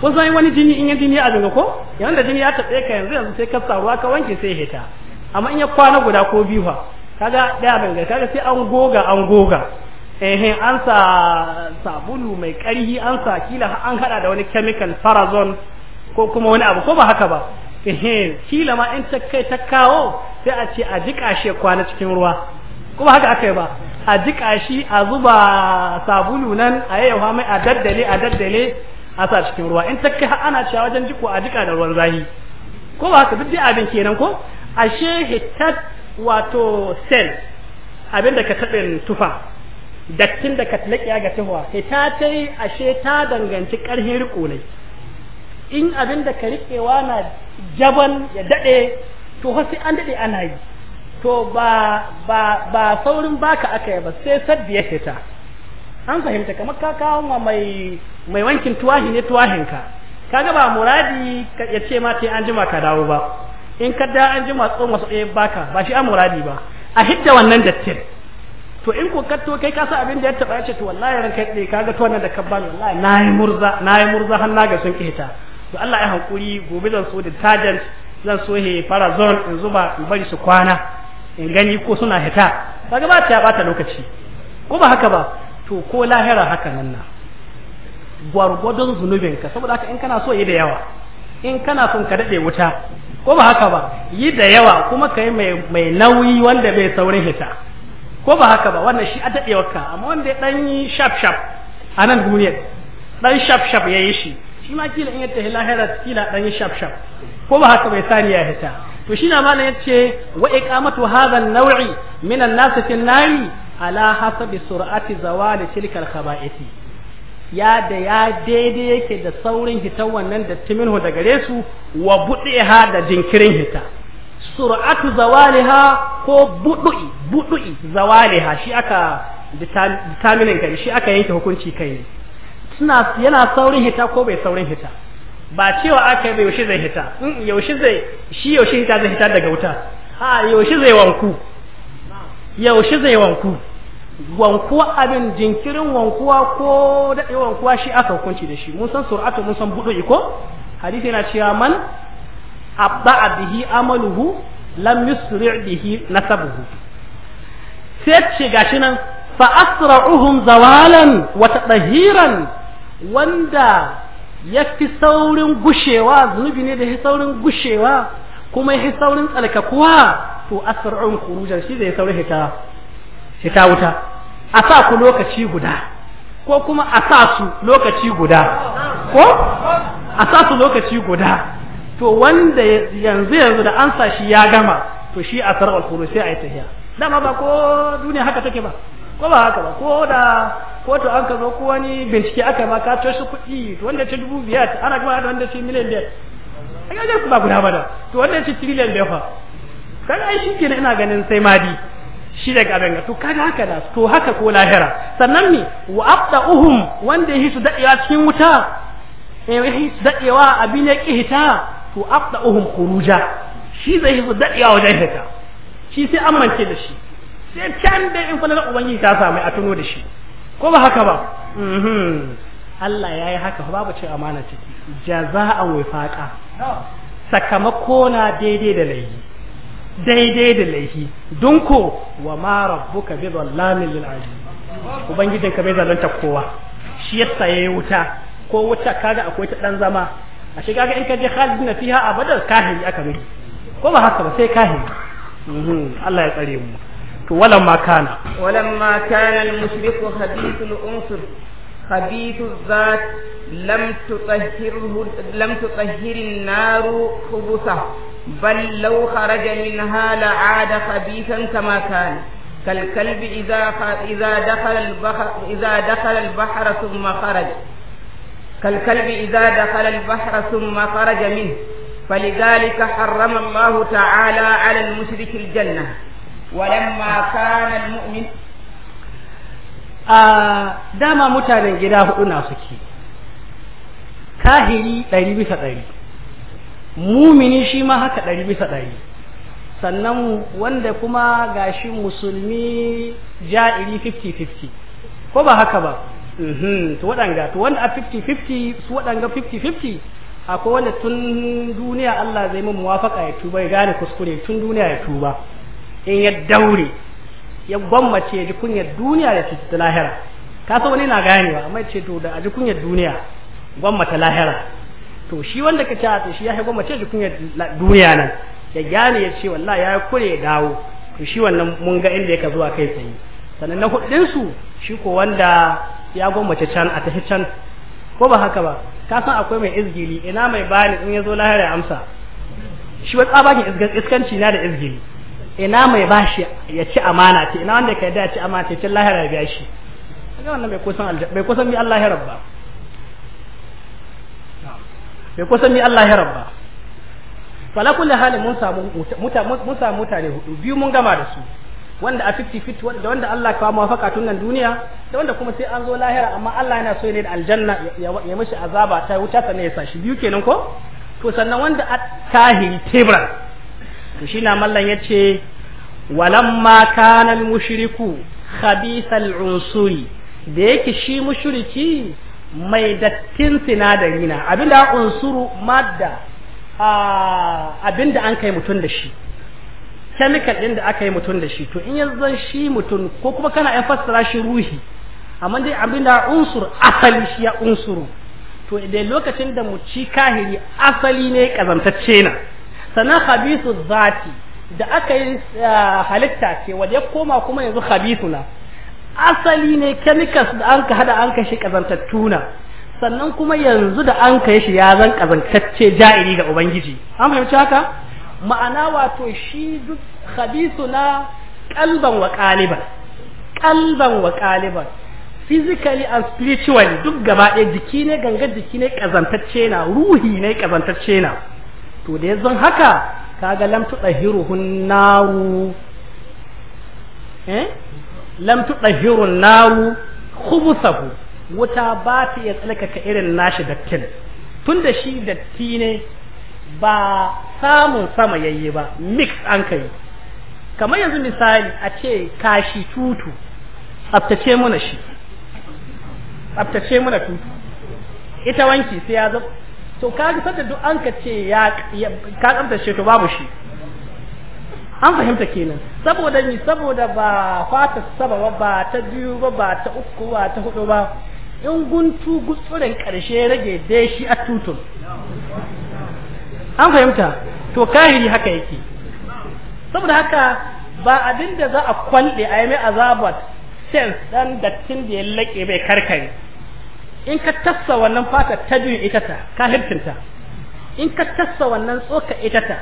ko sai wani jini in ya jini a daga ko yanda da jini ya tabe ka yanzu yanzu sai ka sa ka wanke sai heta amma in ya kwana guda ko biyu fa kaga daya banga kaga sai an goga an goga ehe an sa sabulu mai ƙarhi an sa kila an hada da wani chemical farazon ko kuma wani abu ko ba haka ba ehe kila ma in ta kai ta kawo sai a ce a jika shi kwana cikin ruwa ko ba haka aka ba a jika shi a zuba sabulu nan a ha mai a daddale a daddale a sa cikin ruwa in ta kai ana cewa wajen jiko a jika da ruwan zahi ko ba haka duk dai abin kenan ko ashe hitat wato sel abin da ka taɓin tufa dattin da ka tlaƙiya ga tahuwa sai ta ashe ta danganci ƙarhin riko ne in abin da ka riƙewa na jaban ya daɗe to sai an daɗe ana yi to ba ba ba saurin baka aka yi ba sai sabbi ya fita an fahimta kamar ka kawo ma mai mai wankin tuwahi ne tuwahinka kaga ba muradi ya ce ma sai an jima ka dawo ba in ka da an jima tsohon wasu ɗaya eh, baka ba shi an muradi ba a hidda wannan dattin to in ko katto kai ka sa abin da ya taba yace to wallahi ran kai dai kaga to wannan da bani wallahi nayi murza nayi murza har naga sun kita to Allah ya hankuri gobe zan so detergent zan so he parazon in zuba in bari su kwana in gani ko suna hita kaga ba ta bata lokaci ko ba haka ba to ko lahira haka nan na gwargwadon zunubin ka saboda haka in kana so yi da yawa in kana son ka daɗe wuta ko ba haka ba yi da yawa kuma ka yi mai nauyi wanda bai saurin hita ko ba haka ba wannan shi a daɗewarka amma wanda ya ɗan yi sharp sharp a nan duniyar dan sharp ya yi shi shi ma kila in yadda tafi lahira kila ɗan yi sharp ko ba haka bai sani ya hita to shi na malam yace wa iqamatu hadha an-naw'i min an-nas fi an-nari ala hasabi sur'ati zawali tilka al-khaba'ith ya da ya daidai yake da saurin hitan wannan da timinhu da gare su wa budiha da jinkirin hita sur'atu zawaliha ko budu'i budu'i zawaliha shi aka determinin kai shi aka yanke hukunci kai ne suna yana saurin hita ko bai saurin hita ba cewa aka bai yaushe zai hita mm, yaushe zai shi yaushe hita zai hita daga wuta Ha yaushe zai wanku yaushe zai wanku wankuwa abin jinkirin wankuwa ko daɗe wankuwa shi aka hukunci da shi mun san sur'atu mun san budu'i ko hadisi yana cewa man abba bihi amaluhu lam yusri bihi nasabuhu sai ce gashi nan fa asra'uhum zawalan wa tadhiran wanda yafi saurin gushewa zunubi ne da ya saurin gushewa kuma ya saurin tsalkakuwa to asra'un khurujan shi da ya saurin hita hita wuta a sa ku lokaci guda ko kuma a sa su lokaci guda ko a sa su lokaci guda to wanda yanzu yanzu da an sa shi ya gama to shi a sarar alkhuru sai a yi tahiya dama ba ko duniya haka take ba ko ba haka ba ko da ko to an ka zo ko wani bincike aka ba ka to shi kuɗi wanda ce dubu biyar ana gama da wanda ce miliyan biyar a yajar ba guda ba da to wanda ce triliyan biyar fa kan ai shi kenan ina ganin sai madi shi daga abin to kaga haka da to haka ko lahira sannan ne wa abda'uhum wanda yi su daɗewa cikin wuta eh yi su dadewa abin ya hita? to aqdahum khuruja shi zai fi dadewa wajen hita shi sai an mance da shi sai can da in falalar ubangiji ta samu a tuno da shi ko ba haka ba mhm. Allah ya yi haka babu cin amana ciki jaza'an wifaqa sakamako na daidai da laifi daidai da laifi don ko wa ma rabbuka bi zallamin lil azim ka bai zalunta kowa shi yasa yayi wuta ko wuta kaga akwai ta dan zama a kaga in ka je khalidina fiha abadan kahiri aka mai ko ba haka ba sai kahiri mhm, Allah ya tsare mu to walamma kana walamma kana al-mushriku hadithul unsur خبيث الذات لم تطهره لم تطهر النار خبثه بل لو خرج منها لعاد خبيثا كما كان كالكلب إذا إذا دخل البحر إذا كالكلب إذا دخل البحر ثم خرج منه فلذلك حرم الله تعالى على المشرك الجنة ولما كان المؤمن آه داما متانا جداه أناسكي kahiri ɗari bisa ɗari mumini shi ma haka ɗari bisa ɗari sannan wanda kuma gashi musulmi ja'iri 50-50 ko ba haka ba Mhm. to waɗanga to wanda a 50-50 su waɗanga 50-50 akwai wanda tun duniya Allah zai mun muwafaka ya tuba ya gane kuskure tun duniya ya tuba in ya daure ya gwammace ya ji kunyar duniya ya ce ta lahira ka san wani na ganewa amma ce to da a ji kunyar duniya gwammata lahira to shi wanda ka ci shi ya gwammace ya ji kunyar duniya nan ya gane ya ce wallahi ya kure ya dawo to shi wannan mun ga inda ka zuwa kai tsaye sannan na hudin su shi ko wanda ya gwammace can a tafi can ko ba haka ba ka san akwai mai izgili ina mai bani in ya zo ya amsa shi wata baki iskanci na da izgili ina mai bashi ya ci amana ce ina wanda ka yadda ya ci amana ce tun lahira ya biya shi ga wannan bai kusan bai kusan mi Allah ya rabba bai kusan mi Allah ya rabba fala kulli halin mun samu mun samu mutane hudu biyu mun gama da su wanda a 50 da wanda Allah ka mafaka tun nan duniya da wanda kuma sai an zo lahira amma Allah yana so ne da aljanna ya mishi azaba ta wuta sannan ya sa shi biyu kenan ko to sannan wanda a tahi tebra to shi na mallan yace walamma kana al-mushriku khabithal unsuri da yake shi mushriki mai dattin sinadari na abinda unsuru madda abinda an kai mutun da shi chemical ɗin da aka yi mutum da shi to in yanzu zan shi mutum ko kuma kana ya fassara shi ruhi amma dai abinda unsur asali shi ya unsuru to da lokacin da mu ci kahiri asali ne kazantacce na sannan khabisu zati da aka yi eh, halitta ce wanda ya koma kuma yanzu khabisu na asali ne chemicals da an ka hada an ka shi kazantattu na sannan kuma yanzu da an ka shi ya zan kazantacce ja'iri ga ubangiji an fahimci haka ma'ana wato shi duk khabisu na kalban wa kaliban kalban wa kaliban physically and spiritually duk gaba ɗaya jiki ne ganga jiki ne kazantacce na ruhi ne kazantacce na to da yanzu haka kaga lam tudahiruhun naru eh lam tudahirun naru khubusahu wuta ba ta iya tsalkaka irin nashi dattin tunda shi datti ne ba samun sama yayye ba mix an kai kamar yanzu misali a ce kashi tutu tsabtace muna shi tsabtace muna tutu ita wanki sai ya zama to kaji sanda duk an ka ce ya ka tsabtace to babu shi an fahimta kenan saboda ni saboda ba fata saba ba ta biyu ba ba ta uku ba ta hudu ba in guntu gutsuren karshe rage dai shi a tutun an fahimta to kahiri haka yake saboda haka ba abin da za a kwalɗe a yi mai azabat sel dan dattin da ya laƙe bai karkare in ka tassa wannan fata ta biyu ita ta hirtinta in ka tassa wannan tsoka ita ta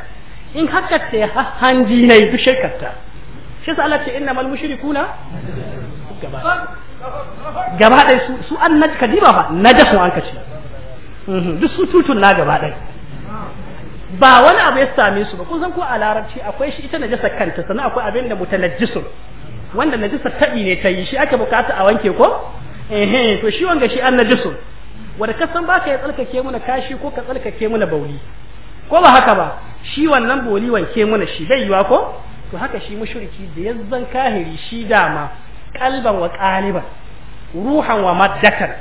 in haka ce hanji na yi dushirkarta shi sa Allah ina malmu shiri kuna gaba gaba ɗaya su an na kadiba ba na dasu an kace mhm, duk su tutun na gaba ɗaya ba wani abu ya same su ba kun san ko a larabci akwai shi ita najasa kanta sannan akwai abin da mutanajjisun wanda najasa tabi ne ta yi shi ake bukata a wanke ko eh to shi wanga shi an najisu wanda ka san baka ya tsalkake muna kashi ko ka tsalkake muna bauli ko ba haka ba shi wannan boli wanke muna shi bai yiwa ko to haka shi mushriki da yazzan kahiri shi dama kalban wa qaliban ruhan wa maddatan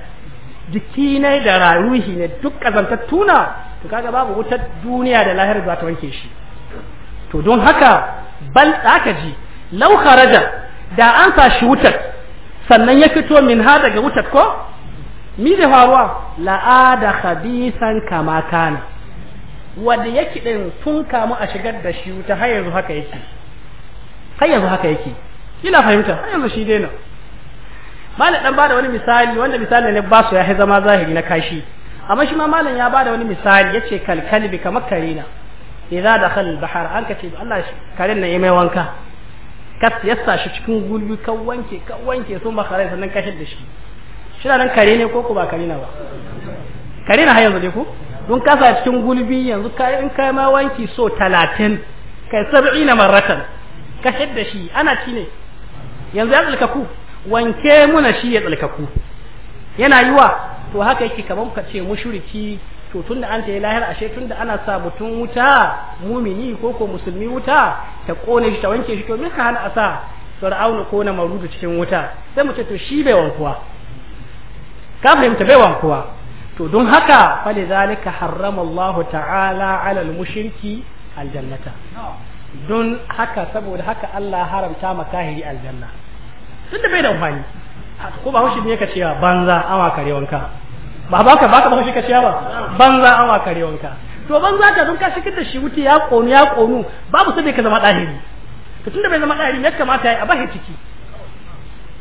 jiki da ruhi ne duk kazantattuna to kaga babu wutar duniya da lahir za ta wanke shi to don haka bal zaka ji law kharaja da an sa shi wutar sannan ya fito min ha daga wutar ko mi da faruwa la'ada khabisan kama kana wanda yake din tun kamu a shigar da shi wuta har yanzu haka yake har yanzu haka yake Ina fahimta har yanzu shi dena malam dan bada wani misali wanda misali ne ba su ya zama zahiri na kashi amma shi ma malam ya bada wani misali yace kalkalbi kamar karina idza dakhal al-bahr an kace Allah karin nan yayi mai wanka kas yassa shi cikin gulbi ka wanke ka wanke sun ba kare sannan kashin da shi shi nan kare ne ko ko ba Karina ba Karina na har yanzu dai ko don kasa cikin gulbi yanzu kai in kai ma wanki so 30 kai 70 maratan kashin da shi ana ci ne yanzu ya tsalkaku wanke muna shi ya tsalkaku yana yi wa. to haka yake kamar ka ce mushriki to tunda an ta yi lahira ashe tunda ana sa mutum wuta mumini ko ko musulmi wuta ta kone shi ta wanke shi to me ka hana a sa fir'auna ko na marudu cikin wuta sai mu ce to shi bai wankuwa ka fahimta bai wankuwa to don haka fa zalika harrama Allah ta'ala 'ala al-mushriki aljannata don haka saboda haka Allah haramta makahiri aljanna tunda bai da amfani ko ba haushi ne ka cewa banza awa kare wanka ba baka baka ba haushi ka cewa ba banza awa kare wanka to banza ta don ka shigar da shi wuti ya konu ya konu babu sai ka zama dahiri to tunda bai zama dahiri ya kamata a abahe ciki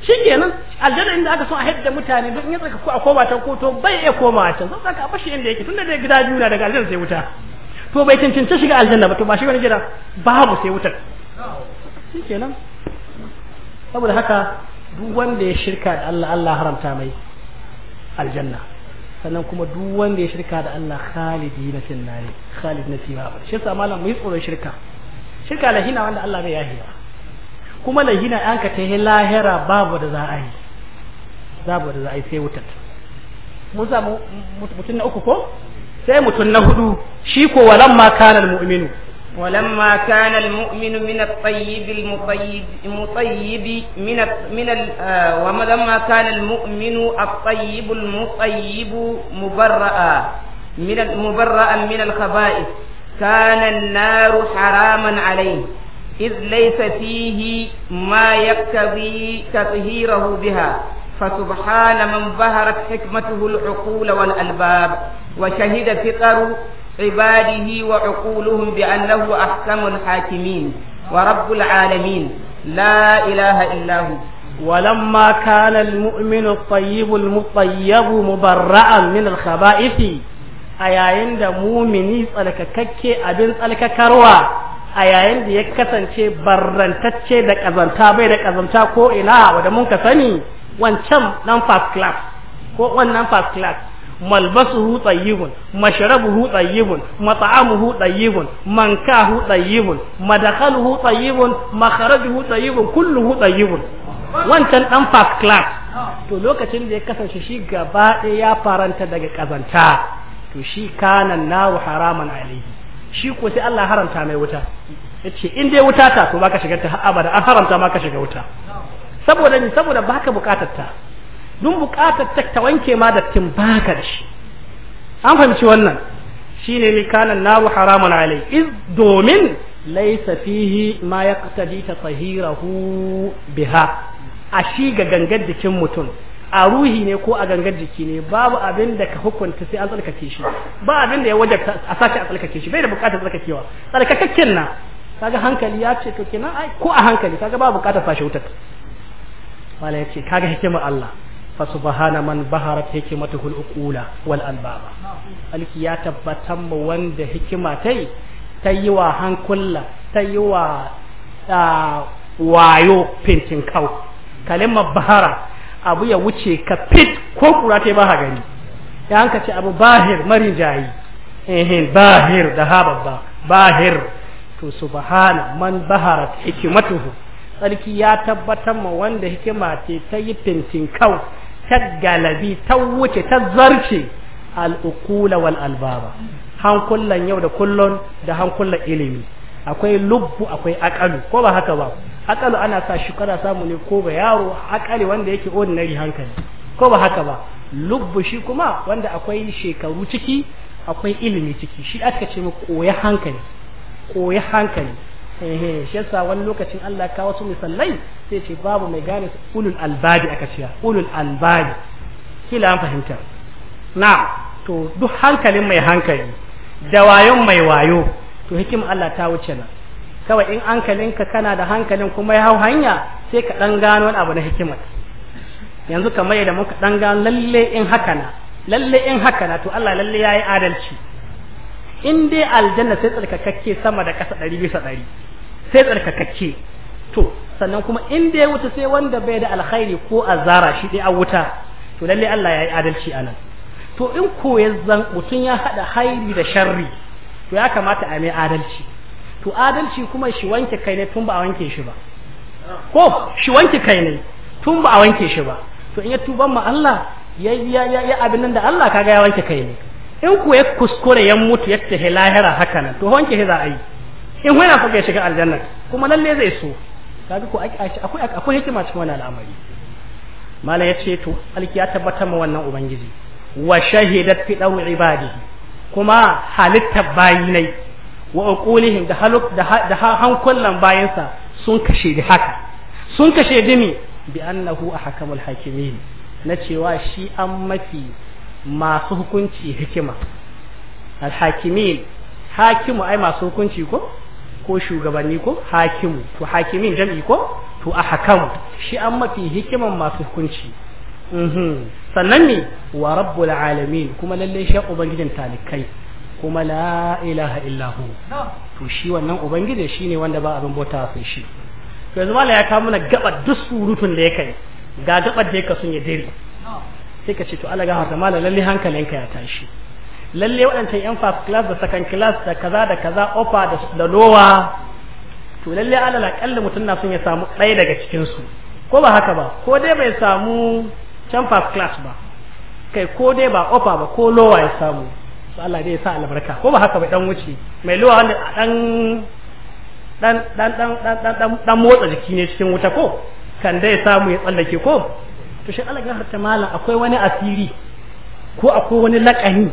shikenan aljanna inda aka so a haɗa mutane don in ya tsaka ko a koma ta ko to bai iya koma ta zan saka a bashi inda yake tunda da gida biyu na daga aljanna sai wuta to bai cancanci shiga aljanna ba to ba shi wani gida babu sai wutar shikenan saboda haka duk wanda ya shirka da Allah Allah haramta mai aljanna sannan kuma duk wanda ya shirka da Allah khalidi na fin nari khalid na fi ba shi yasa malam muyi tsoron shirka shirka lahina wanda Allah bai yahi ba kuma lahina an ka ta lahira babu da za a yi babu da za a yi sai wutar mun mutum na uku ko sai mutum na hudu shi ko walamma kana almu'minu ولما كان المؤمن من الطيب المطيب المطيب من من آه، ولما كان المؤمن الطيب المطيب مبرأ من مبرأ من الخبائث كان النار حراما عليه إذ ليس فيه ما يقتضي تطهيره بها فسبحان من بهرت حكمته العقول والألباب وشهد فطر عباده وعقولهم بأنه أحكم الحاكمين ورب العالمين لا إله إلا هو ولما كان المؤمن الطيب المطيب مبرأ من الخبائث أيين دا مؤمني سألك ككي أبن سألك كروا أيين دي يكسن شي برن تتشي دا كزنتا بي دا كزنتا كو إلا ودا منك سني وانشم نان فاس كلاس كو وان نان فاس كلاس malbasuhu tayyibun masharabuhu tayyibun mat'amuhu tayyibun mankahu tayyibun madakhaluhu tayyibun makharajuhu tayyibun kulluhu tayyibun wancan dan first class to lokacin da ya kasance shi gaba ɗaya ya faranta daga kazanta to shi kana nawu haraman alayhi shi ko sai Allah haramta mai wuta yace in dai wuta ta to baka shiga ta abada an haramta ma ka shiga wuta saboda ni saboda baka bukatarta ta dun buƙatar ta ta wanke ma da tin baka da shi an fahimci wannan shine ni kana naru haramun alai iz domin laisa fihi ma yaqtadi tatahirahu biha a shi ga gangar jikin mutum a ruhi ne ko a gangar jiki ne babu abin da ka hukunta sai an tsarkake shi ba abin da ya wajabta a sashi a tsarkake shi bai da bukatar tsarkakewa tsarkakakken na kaga hankali ya ce to kenan ai ko a hankali kaga ba bukatar sashi wutar wala ya ce kaga hikimar Allah fa subhana man baharat hikmatuhul uqula wal albaba alki ya tabbatan mu wanda hikima tai ta yi wa hankula ta yi wa wayo fintin kau kalimar bahara abu ya wuce ka fit ko kura ta ba gani ya hanka abu bahir marijayi ehin bahir da hababba bahir to subhana man baharat hikimatuhu sarki ya tabbatar ma wanda hikima ce ta yi fintin kau ta galabi ta wuce ta zarce al'ukula wal albaba hankulan yau da kullun da hankulan ilimi akwai lubbu akwai akalu ko ba haka ba akalu ana sa shi kana samu ne ko ba yaro akali wanda yake ordinary hankali ko ba haka ba lubbu shi kuma wanda akwai shekaru ciki akwai ilimi ciki shi aka ce mu koya hankali koya hankali Ehe shi yasa wani lokacin Allah ka wasu misallai sai ce babu mai gane ulul albadi aka ciya ulul albadi kila an fahimta na to duk hankalin mai hankali da wayon mai wayo to hikim Allah ta wuce na kawai in hankalinka kana da hankalin kuma ya hau hanya sai ka dan gano wani abu na hikima yanzu kamar yadda muka dan gano lalle in haka na lalle in haka na to Allah lalle yayi adalci in dai aljanna sai tsarkakakke sama da kasa ɗari bisa ɗari sai tsarkakakke to sannan kuma in dai wuta sai wanda bai da alkhairi ko azara shi dai a wuta to lalle Allah ya yi adalci anan to in koyan zan mutum ya haɗa hairi da sharri to ya kamata a mai adalci to adalci kuma shi wanke kai ne tun ba a wanke shi ba ko shi wanke kai ne tun ba a wanke shi ba to in ya tuban ma Allah ya ya ya abin nan da Allah kaga ya wanke kai ne in ku ya kuskure ya mutu ya tafi lahira haka nan to wanke shi za a yi in wani fuka ya shiga aljanna kuma lalle zai so kaga ko akwai akwai hikima cikin wannan al'amari mala ya ce to alki ya tabbatar ma wannan ubangiji wa shahidat fi dawu ibadihi kuma halitta bayinai wa uqulihim da haluk da hankulan bayinsa sun kashe da haka sun kashe dimi bi annahu ahkamul hakimin na cewa shi an mafi masu hukunci hikima alhakimin hakimu ai masu hukunci ko ko shugabanni ko hakimu to hakimin jam'i ko to a hakamu shi an mafi hikiman masu hukunci mhm. sannan ne wa rabbul alamin kuma lallai shi ubangijin talikai kuma la ilaha illahu to shi wannan ubangiji ne wanda ba abin bauta sai shi to yanzu mala ya kawo mana gaba duk surutun da ya kai ga gaba da ya kasu ya dare sai ka ce to Allah gafarta mala lalle hankalinka ya tashi lalle waɗancan yan first class da second class da kaza da kaza ofa da da lowa to lalle alal akalla mutum na son ya samu ɗaya daga cikin su ko ba haka ba ko dai bai samu can first class ba kai ko dai ba ofa ba ko lowa ya samu to Allah dai ya sa albarka ko ba haka ba dan wuce mai lowa wanda dan dan dan dan dan dan motsa jiki ne cikin wuta ko kan dai samu ya tsallake ko to shi Allah gafarta malam akwai wani asiri ko akwai wani lakani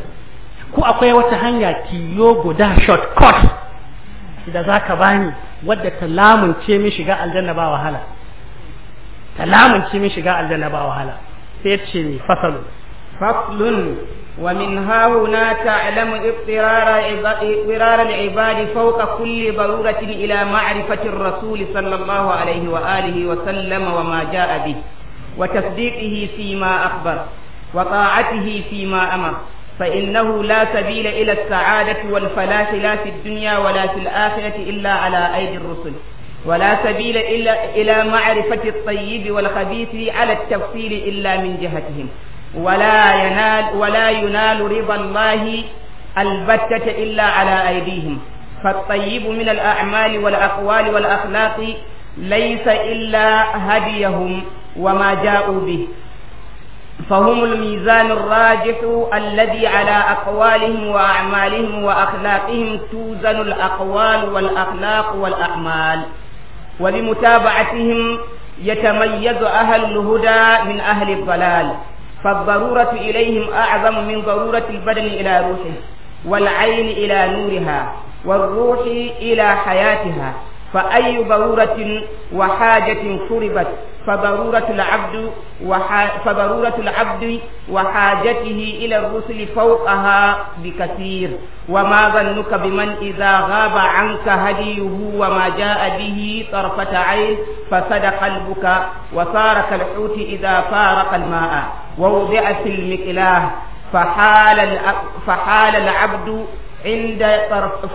ko akwai wata hanya kiyo guda shortcut da za zaka bani wadda ta lamunce min shiga aljanna ba wahala ta lamunce min shiga aljanna ba wahala sai ce ni fasalu faslun ومن ها هنا تعلم اضطرار اضطرار العباد فوق كل ضرورة إلى معرفة الرسول صلى الله wa sallama wa وما جاء به وتصديقه فيما أخبر وطاعته فيما أمر فإنه لا سبيل إلى السعادة والفلاح لا في الدنيا ولا في الآخرة إلا على أيدي الرسل ولا سبيل إلا إلى معرفة الطيب والخبيث على التفصيل إلا من جهتهم ولا ينال ولا ينال رضا الله البتة إلا على أيديهم فالطيب من الأعمال والأقوال والأخلاق ليس إلا هديهم وما جاءوا به فهم الميزان الراجح الذي على أقوالهم وأعمالهم وأخلاقهم توزن الأقوال والأخلاق والأعمال وبمتابعتهم يتميز أهل الهدى من أهل الضلال فالضرورة إليهم أعظم من ضرورة البدن إلى روحه والعين إلى نورها والروح إلى حياتها فأي ضرورة وحاجة خربت فضرورة العبد وح... فضرورة العبد وحاجته إلى الرسل فوقها بكثير وما ظنك بمن إذا غاب عنك هديه وما جاء به طرفة عين فصدق البكاء وصار كالحوت إذا فارق الماء ووضع في المكلاه فحال, الأ... فحال العبد عند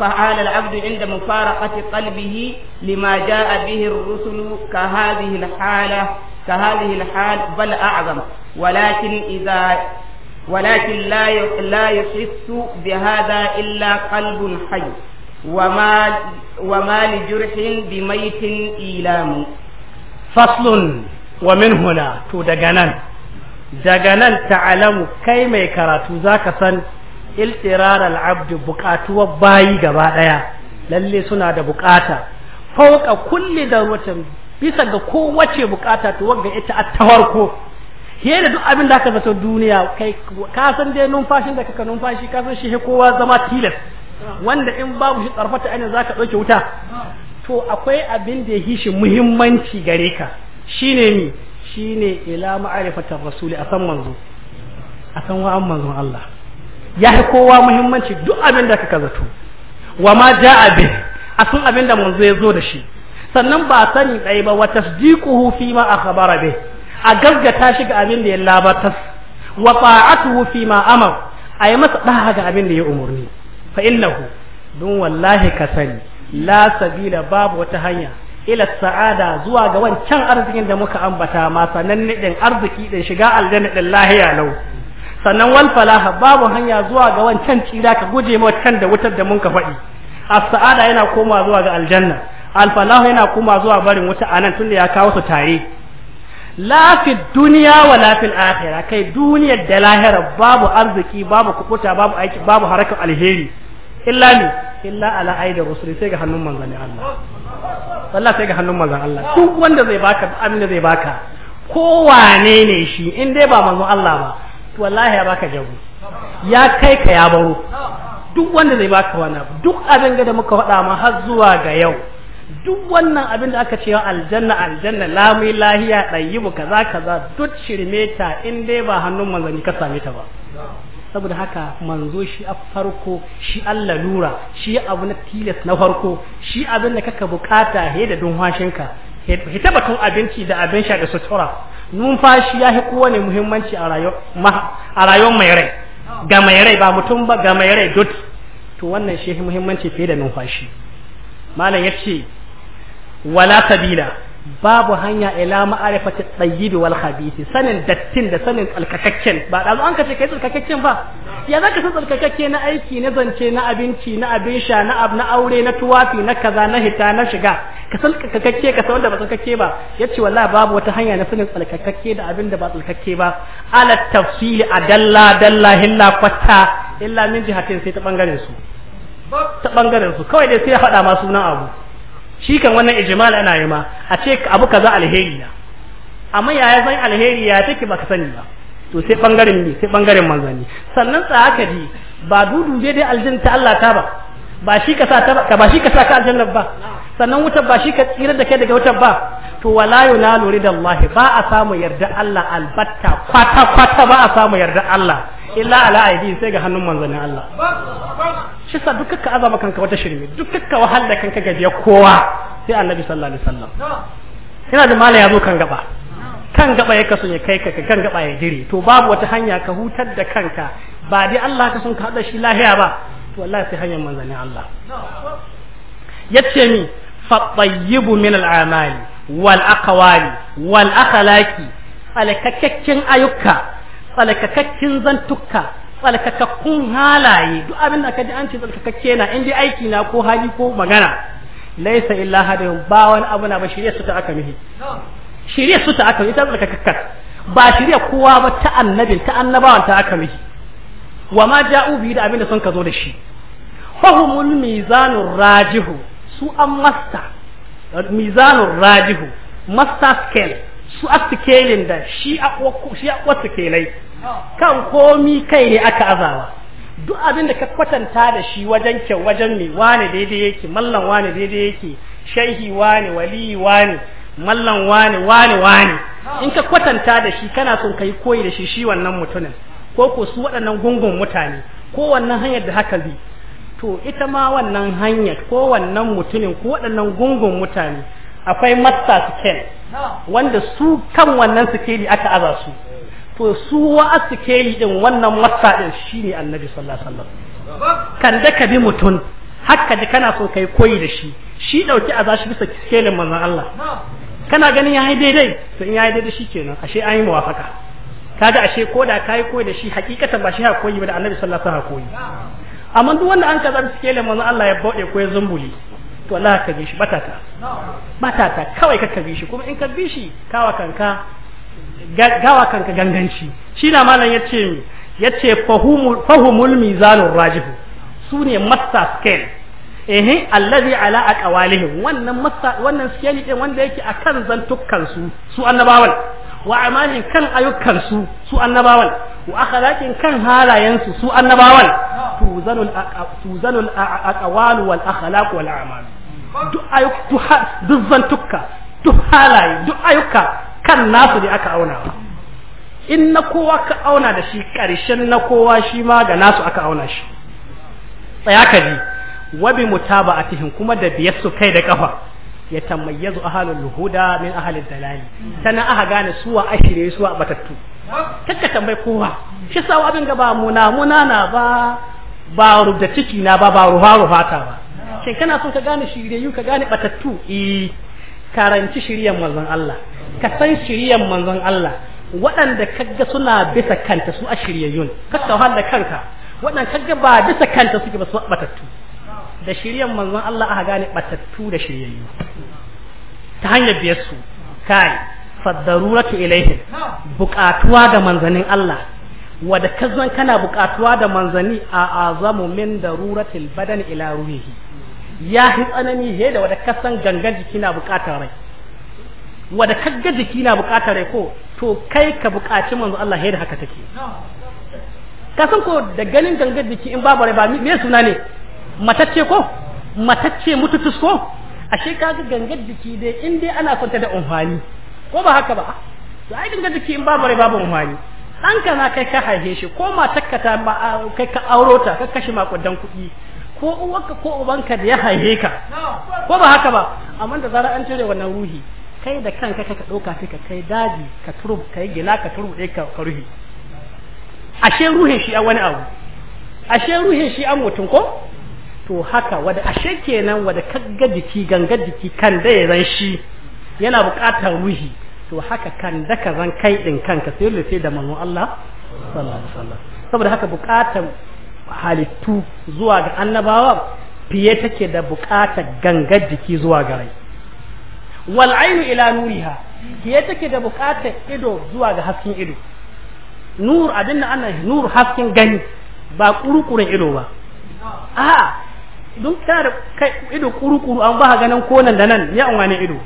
فعال العبد عند مفارقة قلبه لما جاء به الرسل كهذه الحالة كهذه الحال بل أعظم ولكن إذا ولكن لا لا يحس بهذا إلا قلب حي وما وما لجرح بميت إيلام فصل ومن هنا تدغنن دغنن تعلم كيما كراتو ذاك سن iltirar al'abdu buƙatuwar bayi gaba ɗaya lalle suna da bukata fauka kulli wata bisa ga kowace bukata to wanga ita a tawarko ke da duk abin da aka zato duniya kai ka san dai numfashin da kaka numfashi ka san shi kowa zama tilas wanda in babu shi tsarfata ainihin za ka ɗauke wuta to akwai abin da ya yi shi muhimmanci gare ka shine ni shine ila ma'arifatar rasuli a san manzo a san wa'an manzon Allah ya fi kowa muhimmanci duk abin da kaka zato wa ma a bi a sun abin da manzo ya zo da shi sannan ba sani ɗaya ba wa tasdiquhu fi ma akhbara bi a gaggata shi ga abin da ya labatas wa ta'atuhu fi ma amar yi masa ɗaha ga abin da ya umurni fa innahu dun wallahi ka sani la sabila babu wata hanya ila sa'ada zuwa ga wancan arzikin da muka ambata ma sananne din arziki din shiga aljanna din lahiya lau sannan wal falaha babu hanya zuwa ga wancan tsira ka guje ma wancan da wutar da mun ka faɗi as-sa'ada yana koma zuwa ga aljanna al-falahu yana koma zuwa barin wuta anan tunda ya kawo su tare la fi duniya wa la fil akhirah kai duniya da lahira babu arziki babu kukuta babu aiki babu harakar alheri illa ni illa ala aidi rusuli sai ga hannun manzon Allah wallahi sai ga hannun manzon Allah duk wanda zai baka amina zai baka kowane ne shi in dai ba manzon Allah ba wallahi ya baka jago ya kai ka ya baro duk wanda zai baka wani abu duk abin da muka faɗa ma har zuwa ga yau duk wannan abin da aka cewa aljanna aljanna lamu lahiya mu kaza kaza duk shirme ta in dai ba hannun manzanni ka same ta ba saboda haka manzo shi a farko shi Allah lura shi abu na tilas na farko shi abin da kaka bukata he da dunhashinka hita batun abinci da abin sha da sutura numfashi ya fi kowane muhimmanci a rayuwar mai rai ga mai rai ba mutum ba ga mai rai duk to wannan shi muhimmanci fiye da numfashi malam ya ce wala sabila babu hanya ila ma'arifati tayyibi wal khabith sanin dattin da sanin alkakakken ba da an ka ce kai alkakakken ba ya zaka san alkakakke na aiki na zance na abinci na abin sha na ab na aure na tuwafi na kaza na hita na shiga ka san tsarkakakke ka san wanda ba tsarkakakke ba yace wallahi babu wata hanya na sanin tsarkakakke da abin da ba tsarkakakke ba ala tafsili adalla dalla hilla kwatta illa min jihatin sai ta bangaren su ta bangaren su kawai dai sai ya faɗa ma sunan abu shi kan wannan ijmal ana yi ma a ce abu kaza alheri na amma yaya zan alheri ya take baka sani ba to sai bangaren ne sai bangaren manzanni sannan tsaya ka ji ba dudu dai dai aljin ta Allah ta ba ba shi ka sa ka ba shi ka sa ka aljanna ba sannan wutar ba shi ka tsira da kai daga wutar ba to wala yunalu ridallahi ba a samu yarda Allah albatta kwata kwata ba a samu yarda Allah illa ala aidi sai ga hannun manzannin Allah shi sa duk ka azama kanka wata shirme duk ka wahala kanka gaje kowa sai annabi sallallahu alaihi wasallam ina da mala yazo kan gaba kan gaba ya kasu ya kai ka kan gaba ya jiri to babu wata hanya ka hutar da kanka ba dai Allah ka sun ka hada shi lahiya ba to wallahi sai hanyar manzannin Allah yace mi fa tayyibu min al'amali wal aqwali wal akhlaqi tsalakakakken ayyuka tsalakakakken zantukka tsalakakakkun halaye duk abin da ka ji an ce tsalakakke na in dai aiki na ko hali ko magana laisa illa hadin ba wani abu na ba shirye su ta aka mihi shirye su ta aka ita tsalakakkar ba shirye kowa ba ta annabin ta annabawan ta aka mihi wa ma ja'u bi da abin da sun ka zo da shi fahumul mizanur rajihu su an masta mizanun rajihu masta scale su a sikelin da shi a wasu kelai kan komi kai ne aka azawa duk abin da ka kwatanta da shi wajen kyau wajen mai wane daidai yake mallan wane daidai yake shaihi wane wali wane mallan wane wane wane in ka kwatanta da shi kana son ka yi koyi da shi shi wannan mutumin ko ko su waɗannan gungun mutane ko wannan hanyar da haka bi to ita ma wannan hanyar ko wannan mutumin ko waɗannan gungun mutane akwai master scale wanda su kan wannan scale aka aza su to su wa scale din wannan master din shine annabi sallallahu alaihi kan da ka bi mutum hakka da kana so kai koyi da shi shi dauki aza shi bisa scale manzon Allah kana ganin yayi daidai to in yayi daidai shikenan ashe an yi muwafaka kaga ashe koda kai koyi da shi hakikatan ba shi ha koyi ba da annabi sallallahu alaihi wasallam koyi amma duk wanda an ka zar sikele manzo Allah ya bauɗe ko ya zumbuli to Allah ka bi shi batata batata kawai ka bi shi kuma in ka bi shi kawa kanka gawa kanka ganganci shi na malam yace yace fahumul mizanur rajih sune master scale eh allazi ala aqwalihim wannan master wannan scale din wanda yake akan zantukkan su su annabawan wa kan ayyukansu su annabawan wa akhlaqin kan halayen su annabawan tuzanul tuzanul aqwal wal akhlaq wal a'mal duk ayyuka duk zantuka duk halaye duk ayyuka kan nasu ne aka auna in na kowa ka auna da shi karshen na kowa shi ma ga nasu aka auna shi tsaya ka ji wabi mutaba'atihim kuma da biyar su kai da kafa ya tamayyazu ahalul luhuda min ahalil dalali sannan aka gane suwa ashire suwa batattu kakka tambayi kowa shi wa abin gaba muna muna na ba ba rubda ciki na ba ba ruha ruha ta ba shin kana son ka gane shiriyu ka gane batattu eh karanci shiriyan manzon Allah ka san shiriyan manzon Allah waɗanda kaga suna bisa kanta su a shiryayyun kakka da kanka waɗanda kaga ba bisa kanta suke ba su batattu da shiryan manzon Allah aka gane batattu da shiryayyu ta hanyar biyar su kai faddaruratu ilaihin buƙatuwa da manzanin Allah wadda kazan kana buƙatuwa da manzani a azamu min daruratil badan ila ruhihi ya fi tsanani he da wadda kasan gangan jiki na buƙatar rai wadda kagga jiki na buƙatar rai ko to kai ka buƙaci manzo Allah he da haka take kasan ko da ganin gangan jiki in babu rai ba me suna ne matacce ko matacce mututus ko ashe ga gangar jiki dai in dai ana kwanta da umfani ko ba haka ba to ai gangar jiki in babu rai babu umfani ka na kai ka haife shi ko matakka ta kai ka auro ta ka kashe makudan kuɗi ko uwarka ko ubanka da ya haife ka ko ba haka ba amma da zarar an cire wannan ruhi kai da kanka ka ɗauka sai ka kai daji ka turu ka yi gina ka turu dai ka ruhi ashe ruhin shi a wani abu ashe ruhin shi a mutum ko to haka wada ashe kenan wada kagga jiki ganga jiki kan da ya zan shi yana buƙatar ruhi to haka kan da ka zan kai din kanka sai dole sai da manzon Allah sallallahu alaihi wasallam saboda haka buƙatar halittu zuwa ga annabawa fiye take da buƙatar ganga jiki zuwa ga rai wal ainu ila nuriha fiye take da buƙatar ido zuwa ga hasken ido nur abin da ana nur hasken gani ba kurukurin ido ba a'a don tare kai ido kurukuru an ba ganin konan da nan ya wani ido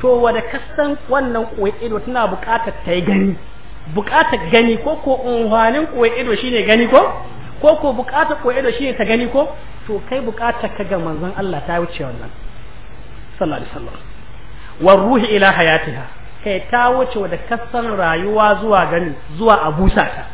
to wada kasan wannan koyi ido tana bukatar ta yi gani bukatar gani ko ko unwanin koyi ido shine gani ko ko ko bukatar koyi ido shine ta gani ko to kai bukatar ka ga manzon Allah ta wuce wannan sallallahu alaihi wasallam war ruhi ila hayatiha kai ta wuce wada kasan rayuwa zuwa gani zuwa abusata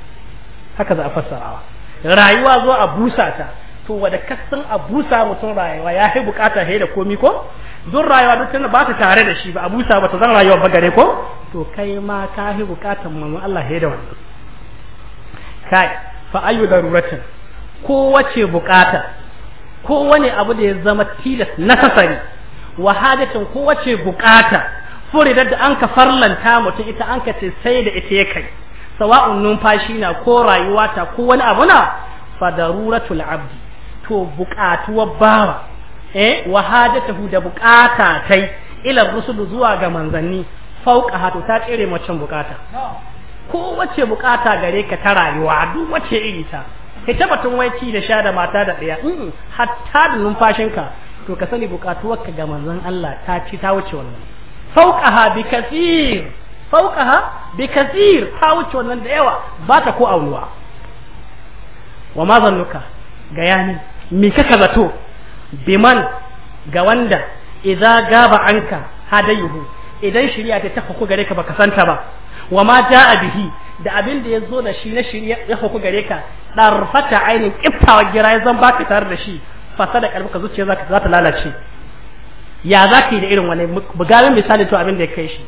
haka za a fassarawa rayuwa zuwa abusata to da kasan a busa mutum rayuwa ya yi bukata ya da komi ko don rayuwa duk tana ba ta tare da shi ba a busa ba ta zan rayuwa ba gare ko to kai ma ka yi bukatan manzon Allah ya da wannan kai fa ayu daruratin ko wace bukata ko wani abu da ya zama tilas nasasari wa hadatin ko wace bukata furidar da an ka farlanta mutum ita an ka ce sai da ita ya kai sawa'un numfashi na ko rayuwa ta ko wani abu na fa daruratul abdi To buƙatuwar bawa eh wa hajatahu da buƙata tai ila rusul zuwa ga manzanni fauka hato ta tsere macen buƙata ko wace buƙata gare ka ta rayuwa duk wace iri ta kai ta batun waici da sha da mata da ɗaya hatta da numfashinka to ka sani buƙatuwarka ga manzan Allah ta ci ta wuce wannan fauqaha bi kathir fauqaha bi kathir ta wuce wannan da yawa ba ta ko aunuwa wa ma zannuka ga yani mi kaka zato biman ga wanda idza gaba anka hadayuhu idan shari'a ta ku gare ka baka santa ba wa ma jaa bihi da abin da yazo da shi na shari'a ya ku gare ka darfata ainin kiftawa gira ya zan ka tare da shi fasada karbuka zuciya zaka zata lalace ya zaka yi da irin wani bugarin misali to abin da ya kai shi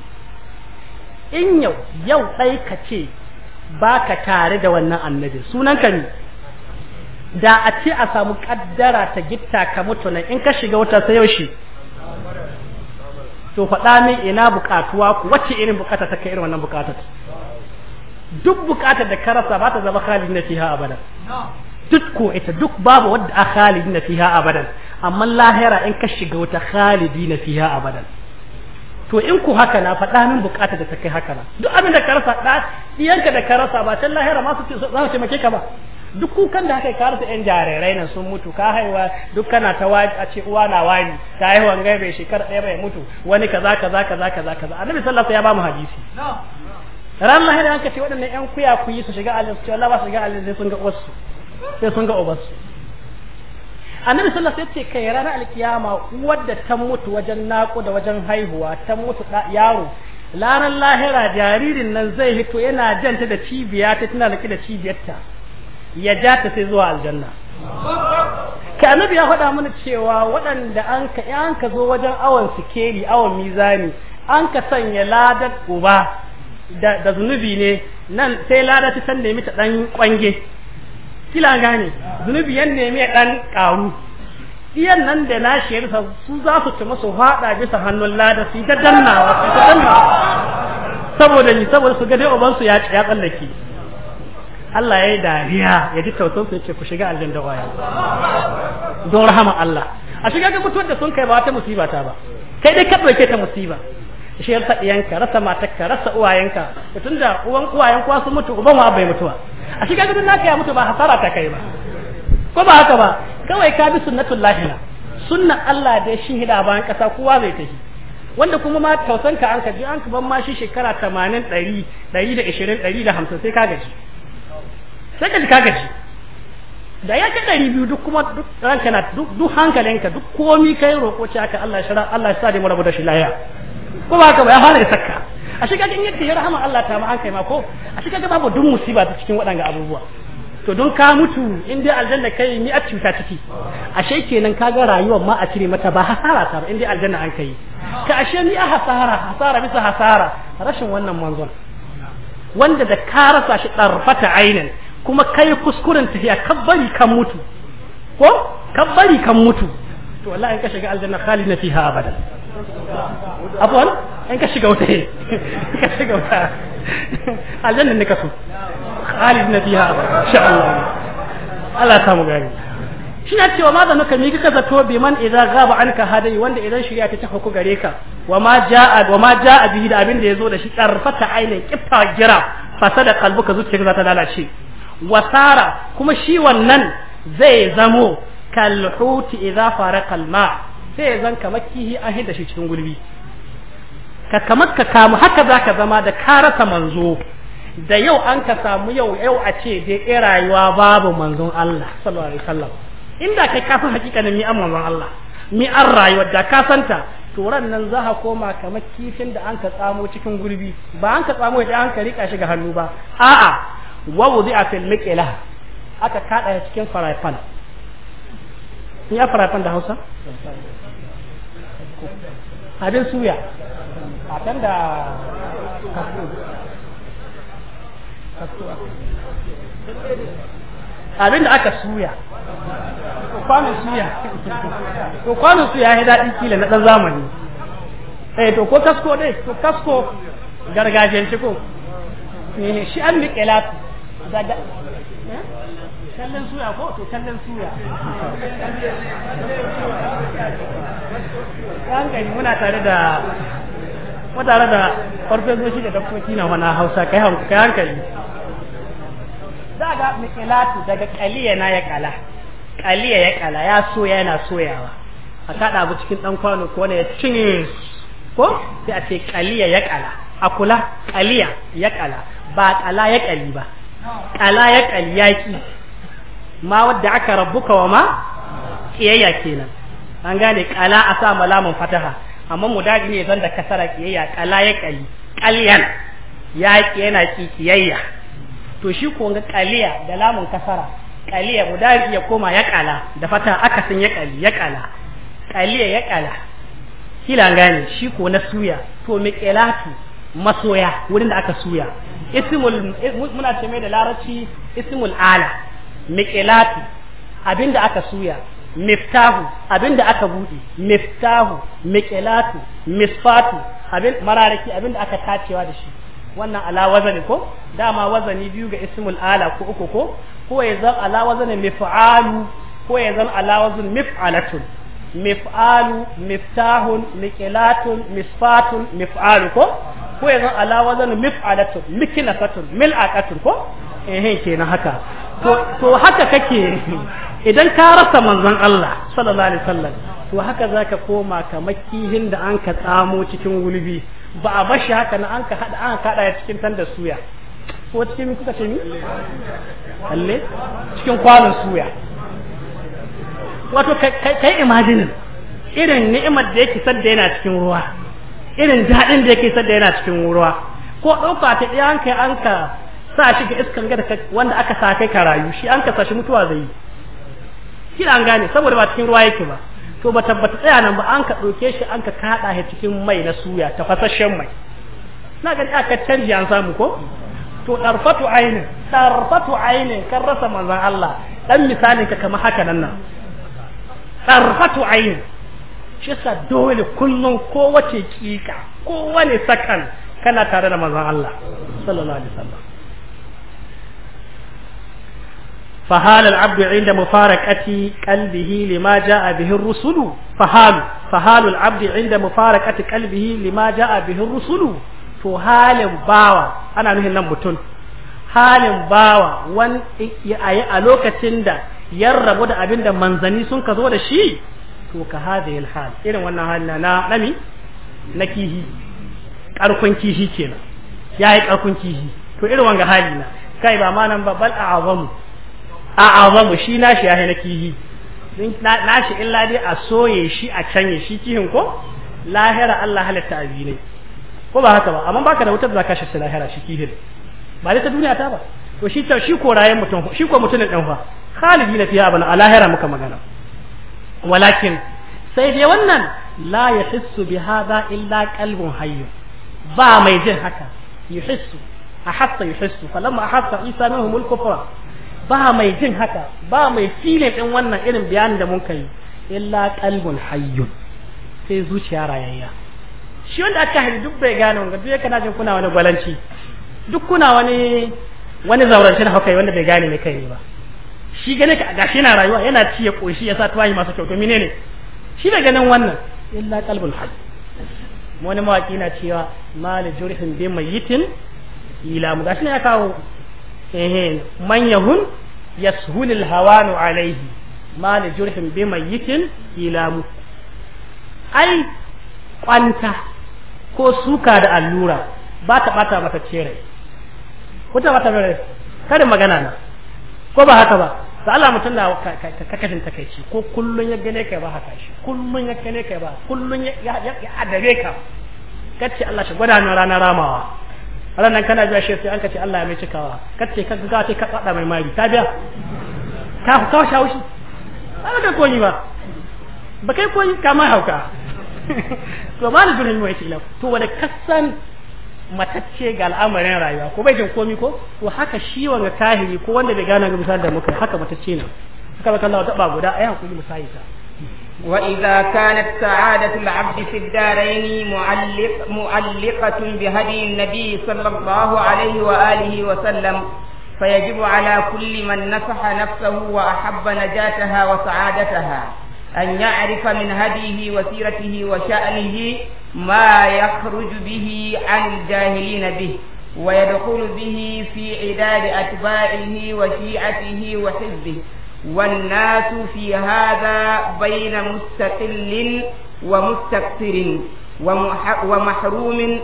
in yau yau dai ka ce baka tare da wannan annabi sunan ka ne da a ce a samu kaddara ta gitta ka mutu nan in ka shiga wata sai yaushe to faɗa min ina buƙatuwa ku wacce irin buƙata ta kai irin wannan buƙatar duk buƙatar da ka rasa ba ta zama khalidina fiha abadan duk ko ita duk babu wadda a khalidina fiha abadan amma lahira in ka shiga wata khalidina fiha abadan to in ku haka na faɗa min buƙatar da ta kai haka na duk abin da ka rasa ɗiyanka da ka rasa ba can lahira ma su ce za su taimake ka ba duk kukan da aka yi karasa yan jarirai nan sun mutu ka haihuwa duk kana ta waje a ce uwa na wani ta haihuwa ga bai shekara ɗaya bai mutu wani kaza kaza kaza kaza kaza annabi sallallahu alaihi wasallam ya ba mu hadisi ran lahira an ce waɗannan yan kuya kuyi su shiga alin su ce Allah ba su shiga alin sai sun ga ubansu sai sun ga uwarsu annabi sallallahu alaihi wasallam kai ranar alkiyama wadda ta mutu wajen naƙo da wajen haihuwa ta mutu yaro ranar lahira jaririn nan zai hito yana janta da cibiya ta tana da cibiyarta ya ja ta sai zuwa aljanna ka annabi ya faɗa mana cewa waɗanda an ka an ka zo wajen awon sikeli awon mizani an ka sanya ladar uba da, zunubi ne nan sai lada ta san nemi ta ɗan kwange kila gane zunubi yan nemi ya dan karu iyan nan da na shi su za su ci masu faɗa bisa hannun lada su ta dannawa ta dannawa saboda ni saboda su ga dai uban su ya ya tsallake Allah ya yi dariya ya ji tausan su ya ce ku shiga aljanda waya don rahama Allah a shiga ga mutuwar da sun kai ba ta musiba ta ba kai dai ka ɗauke ta musiba shi ya rasa ɗiyanka rasa matarka rasa uwayenka da uwan uwayen kuwa sun mutu uban wa bai mutuwa a shiga ga naka ya mutu ba hasara ta kai ba ko ba haka ba kawai ka bi sunnatul lahina sunnan Allah da shi hida bayan kasa kowa zai tafi wanda kuma ma tausanka an ka ji an ka ban ma shi shekara 80 100 120 150 sai ka gaji sai ka ji gaji da ya kai ɗari biyu duk kuma duk ranka na duk hankalinka duk komi kai roƙo ce aka Allah shara Allah ya sa da shi laya ko ba ka ba ya fara da sakka a shiga kaga yadda ya rahama Allah ta ma an kai ma ko a shi kaga babu duk musiba ta cikin waɗanga abubuwa to don ka mutu in dai aljanna kai ni a cuta ciki ashe kenan ka ga rayuwar ma a cire mata ba hasara ta ba in dai aljanna an kai ka ashe ni a hasara hasara bisa hasara rashin wannan manzon wanda da ka rasa shi ɗarfata ainin kuma kai kuskuren tafiya kabbari kan mutu ko kabbari kan mutu to wallahi in ka shiga aljanna na fiha abada afwan in ka shiga wata ka shiga wata aljanna ne ka so na fiha insha Allah Allah ta mu gani shi na cewa ma nuka mi kika zato bi man idza gaba anka hadai wanda idan shirya ta tafi ku gare ka wa ma jaa wa ma jaa bihi da abin da yazo da shi karfata ainin kifa gira fasada kalbuka zuciyarka za ta lalace wasara kuma shi wannan zai zamo kalhuti idza faraka alma sai zan kamar kihi an hidda shi cikin gulbi ka kamar ka kamu haka zaka zama da karasa manzo da yau an ka samu yau yau a ce dai ɗaya rayuwa babu manzon Allah sallallahu alaihi wasallam inda kai ka san hakikanin mi an manzon Allah mi an rayuwar da ka santa to ran nan za ka koma kamar kifin da an ka tsamo cikin gurbi ba an ka tsamo da an ka rika shi ga hannu ba a'a wa a fil miqlah aka kada ya cikin farafan. Ni a ya da Hausa abin suya abin da abin da aka suya kwanon suya to kwanon suya ya daɗi kila na ɗan zamani eh to ko kasko dai to kasko gargajiyance ko eh, shi an miƙe lati gaga kallon suya ko to kallon suya kan gani muna tare da muna tare da farfesoshi da dakkoki na wani hausa kai hankali za ga mikilatu daga kaliya na ya kala kaliya ya kala ya soya yana soyawa a kada abu cikin dan kwano ko ne ya cinye ko sai a ce kaliya ya kala a kula kaliya ya kala ba kala ya kali ba Ƙala ya kali ma wadda aka rabbuka wa ma kiyayya kenan an gane ƙala a sa malamin fataha amma mudadi ne zan da kasara kiyayya ƙala ya kali kalyan yaki yana ki kiyayya to shi ko ga ƙaliya da lamun kasara mu mudadi ya koma ya ƙala da fataha aka san ya ƙali ya ƙala ƙaliya ya kala kila gane shi ko na suya to miqelatu masoya wurin da aka suya ismul eh, muna ce mai da larabci ismul ala abin abinda aka suya miftahu abinda aka buɗe miftahu miqilatu misfatu abin mararaki abinda aka tacewa da shi wannan ala wazani ko dama wazani biyu ga ismul ala ko uku ko ko ya zan ala wazani mif'alu ko ya zan ala wazani mif'alatun mif'alu miftahun miqilatun misfatun mif'alu ko ko yanzu ala wazan mif'alatun mikilatun mil'aqatun ko eh kenan haka to to haka kake idan ka rasa manzon Allah sallallahu alaihi wasallam to haka zaka koma ka makihin da an ka tsamo cikin gulbi ba a bashi haka na an ka hada an ka hada cikin tanda suya ko cikin kuka ce ni alle cikin kwanon suya wato kai imajinin irin ni'imar da yake sadda yana cikin ruwa irin daɗin da yake sadda yana cikin ruwa ko ɗauka ta ɗaya an kai an ka sa shi ga iskan gada wanda aka sa kai ka rayu shi an ka sa shi mutuwa zai yi shi an gane saboda ba cikin ruwa yake ba to ba tabbata tsaya nan ba an ka ɗauke shi an ka kaɗa shi cikin mai na suya tafasasshen mai na gani aka canji an samu ko to ɗarfatu ainin ɗarfatu ainin kan rasa manzan Allah dan misalin ka kamar haka nan tsarfatu ayin shi yasa dole kullum kowace kika kowane sakan kana tare da manzon Allah sallallahu alaihi wasallam فهال العبد عند مفارقة قلبه لما جاء به الرسل فهال فهال العبد عند مفارقة قلبه لما جاء به الرسل to halin bawa ana nuhin nan mutum halin bawa wani a lokacin da yarrabu da abinda manzani sun ka zo da shi to ka hada hal irin wannan hali na nami na kihi karkon kihi kenan yi karkon kihi to irin wanga hali na kai ba ma nan ba bal a azamu shi nashi ya na kihi nashi illa dai a soye shi a canye shi kihin ko lahira Allah halitta abi ne ko ba haka ba amma baka da wutar da ka shi lahira shi kihin ba dai ta duniya ta ba to shi ta shi ko rayan mutum shi ko mutumin dan fa khalidi na fiya bana alahira muka magana walakin sai dai wannan la yahissu bi hada illa qalbun hayy ba mai jin haka yuhissu ahassa yuhissu falamma ahassa isa minhum al-kufra ba mai jin haka ba mai filin din wannan irin bayanin da mun kai illa qalbun hayy sai zuciya rayayya shi wanda aka hari duk bai gane wanga duk kana jin kuna wani gwalanci duk kuna wani wani zaurancin haukai wanda bai gane mai kai ne ba shi gane ka gashi yana rayuwa yana ci ya koshi ya sa tuwayi masu kyau to menene shi da ganin wannan illa qalbul hal wani mawaki na cewa mal jurhin bi mayitin ila mu gashi ne ya kawo eh man yahun yashulul hawanu alaihi mal jurhin bi mayitin ila mu ai kwanta ko suka da allura ba ta bata mata cerai wata wata bare karin magana na ko ba haka ba da Allah mutum na ka kashin takaici ko kullun ya gane kai ba haka shi kullun ya gane kai ba kullun ya adabe ka kace Allah shi gwada na ranar ramawa ranar kana biya shi sai an kace Allah ya mai cikawa kace ka ga ka fada mai mari ta biya ka ka shawushi ana da koyi ba ba kai koyi kamar hauka to ba ni dunin mu yake to wala kasan matacce ga al'amarin rayuwa ko bai jin komi ko to haka shi wanga tahiri ko wanda bai gane ga misali da muka haka matacce ne haka baka Allah taba guda ai hakuri misali ta wa idza kanat sa'adatu al'abd fi ad-darayn mu'alliq mu'alliqatun bi hadi an-nabi alayhi wa alihi wa sallam fa yajibu ala kulli man nasaha nafsahu wa ahabba najataha wa sa'adataha أن يعرف من هديه وسيرته وشأنه ما يخرج به عن الجاهلين به ويدخل به في عداد أتباعه وشيعته وحزبه والناس في هذا بين مستقل ومستكثر ومحروم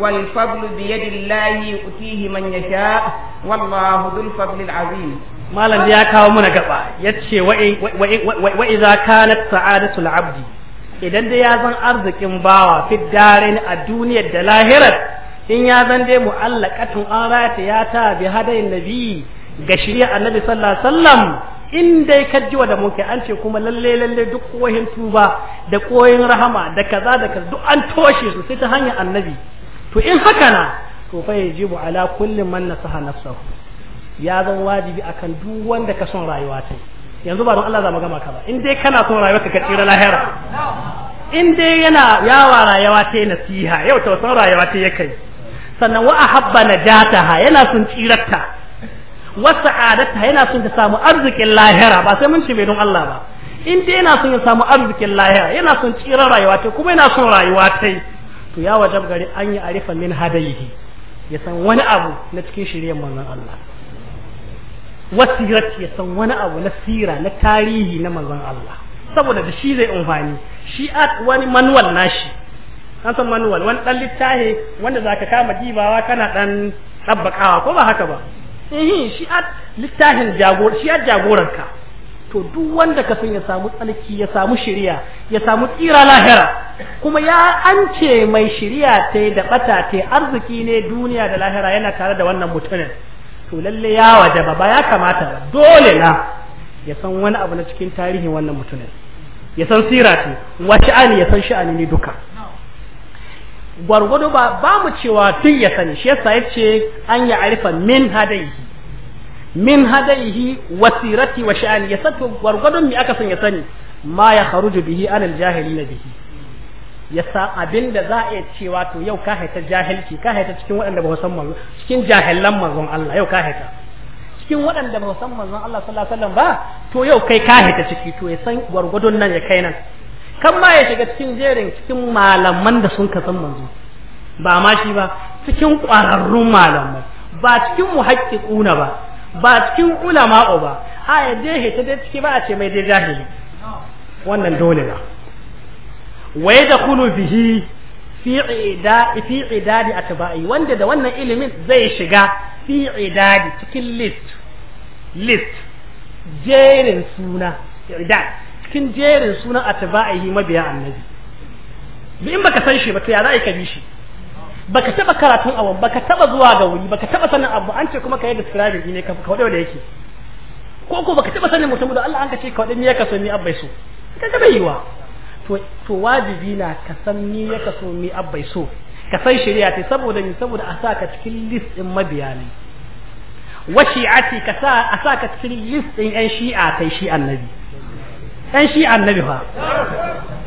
والفضل بيد الله يؤتيه من يشاء والله ذو الفضل العظيم malam ya kawo mana gaba yace wa idza kanat sa'adatul abdi idan dai ya zan arzikin bawa fi darin a duniyar da lahirar in ya zan dai mu'allaqatun an rata ya ta bi hadayin nabi ga shirya annabi sallallahu alaihi wasallam in dai ka wa da muke an ce kuma lalle lalle duk kohin tuba da koyin rahama da kaza da kaza duk an toshe su sai ta hanyar annabi to in haka na to fa yajibu ala kulli man nasaha nafsahu ya zan wajibi akan duk wanda ka son rayuwa ta yanzu ba don Allah za mu gama ka ba in dai kana son rayuwa ka tsira lahira in dai yana yawa rayuwa ta nasiha yau ta son rayuwa ta yake sannan wa ahabba ha yana son tsirarta wa sa'adata yana son ta samu arzikin lahira ba sai mun ce mai don Allah ba in dai yana son ya samu arzikin lahira yana son tsirar rayuwa ta kuma yana son rayuwa ta to ya wajab gari an yi arifa min hadaihi ya san wani abu na cikin shirye manzon Allah wasirat ya san wani abu na sira na tarihi na manzon Allah saboda da shi zai amfani shi a wani manual nashi an san manual wani dan littafi wanda zaka kama dibawa kana dan tabbakawa ko ba haka ba eh shi a littafin jagor shi a jagoranka to duk wanda ka san ya samu tsalki ya samu shiriya ya samu tsira lahira kuma ya ance mai shiriya tai da bata tai arziki ne duniya da lahira yana tare da wannan mutumin to lalle ya wajaba ba ya kamata dole na ya san wani abu na cikin tarihin wannan mutumin ya san sirati wa sha'ani ya san sha'ani ne duka gwargwado ba ba mu cewa tun ya sani shi yasa yace an ya arifa min hadaihi min hadaihi wa sirati wa sha'ani ya san to gwargwadon me aka san ya sani ma ya kharuju bihi anil na bihi ya sa abin da za a cewa to yau ka haita jahilci ka haita cikin waɗanda ba san manzo cikin jahilan manzon Allah yau ka haita cikin waɗanda ba san manzon Allah sallallahu alaihi wasallam ba to yau kai ka haita ciki to ya san gurgudun nan ya kai nan kan ma ya shiga cikin jerin cikin malaman da sun ka san manzo ba ma shi ba cikin ƙwararrun malaman ba cikin muhaqqiquna ba ba cikin ulama'u ba a ya je da ciki ba a ce mai dai jahili wannan dole ba. wa yadkhulu bihi fi idadi fi idadi atba'i wanda da wannan ilimin zai shiga fi idadi cikin list list jerin suna idad cikin jerin suna mabiya annabi in baka san shi ba to ya za ka bi shi baka taba karatun awon baka taba zuwa ga wuri baka taba sanin abu an ce kuma ka yi describing ne ka kawo da yake ko ko baka taba sanin da Allah an ka ce ka ni so kaga bai to wajibi na ka san ni ya kaso ni abbai so ka san shari'a ce saboda ni saboda a sa ka cikin list din mabiya ne wa shi'ati ka sa a sa cikin list din yan shi'a kai shi annabi yan shi annabi fa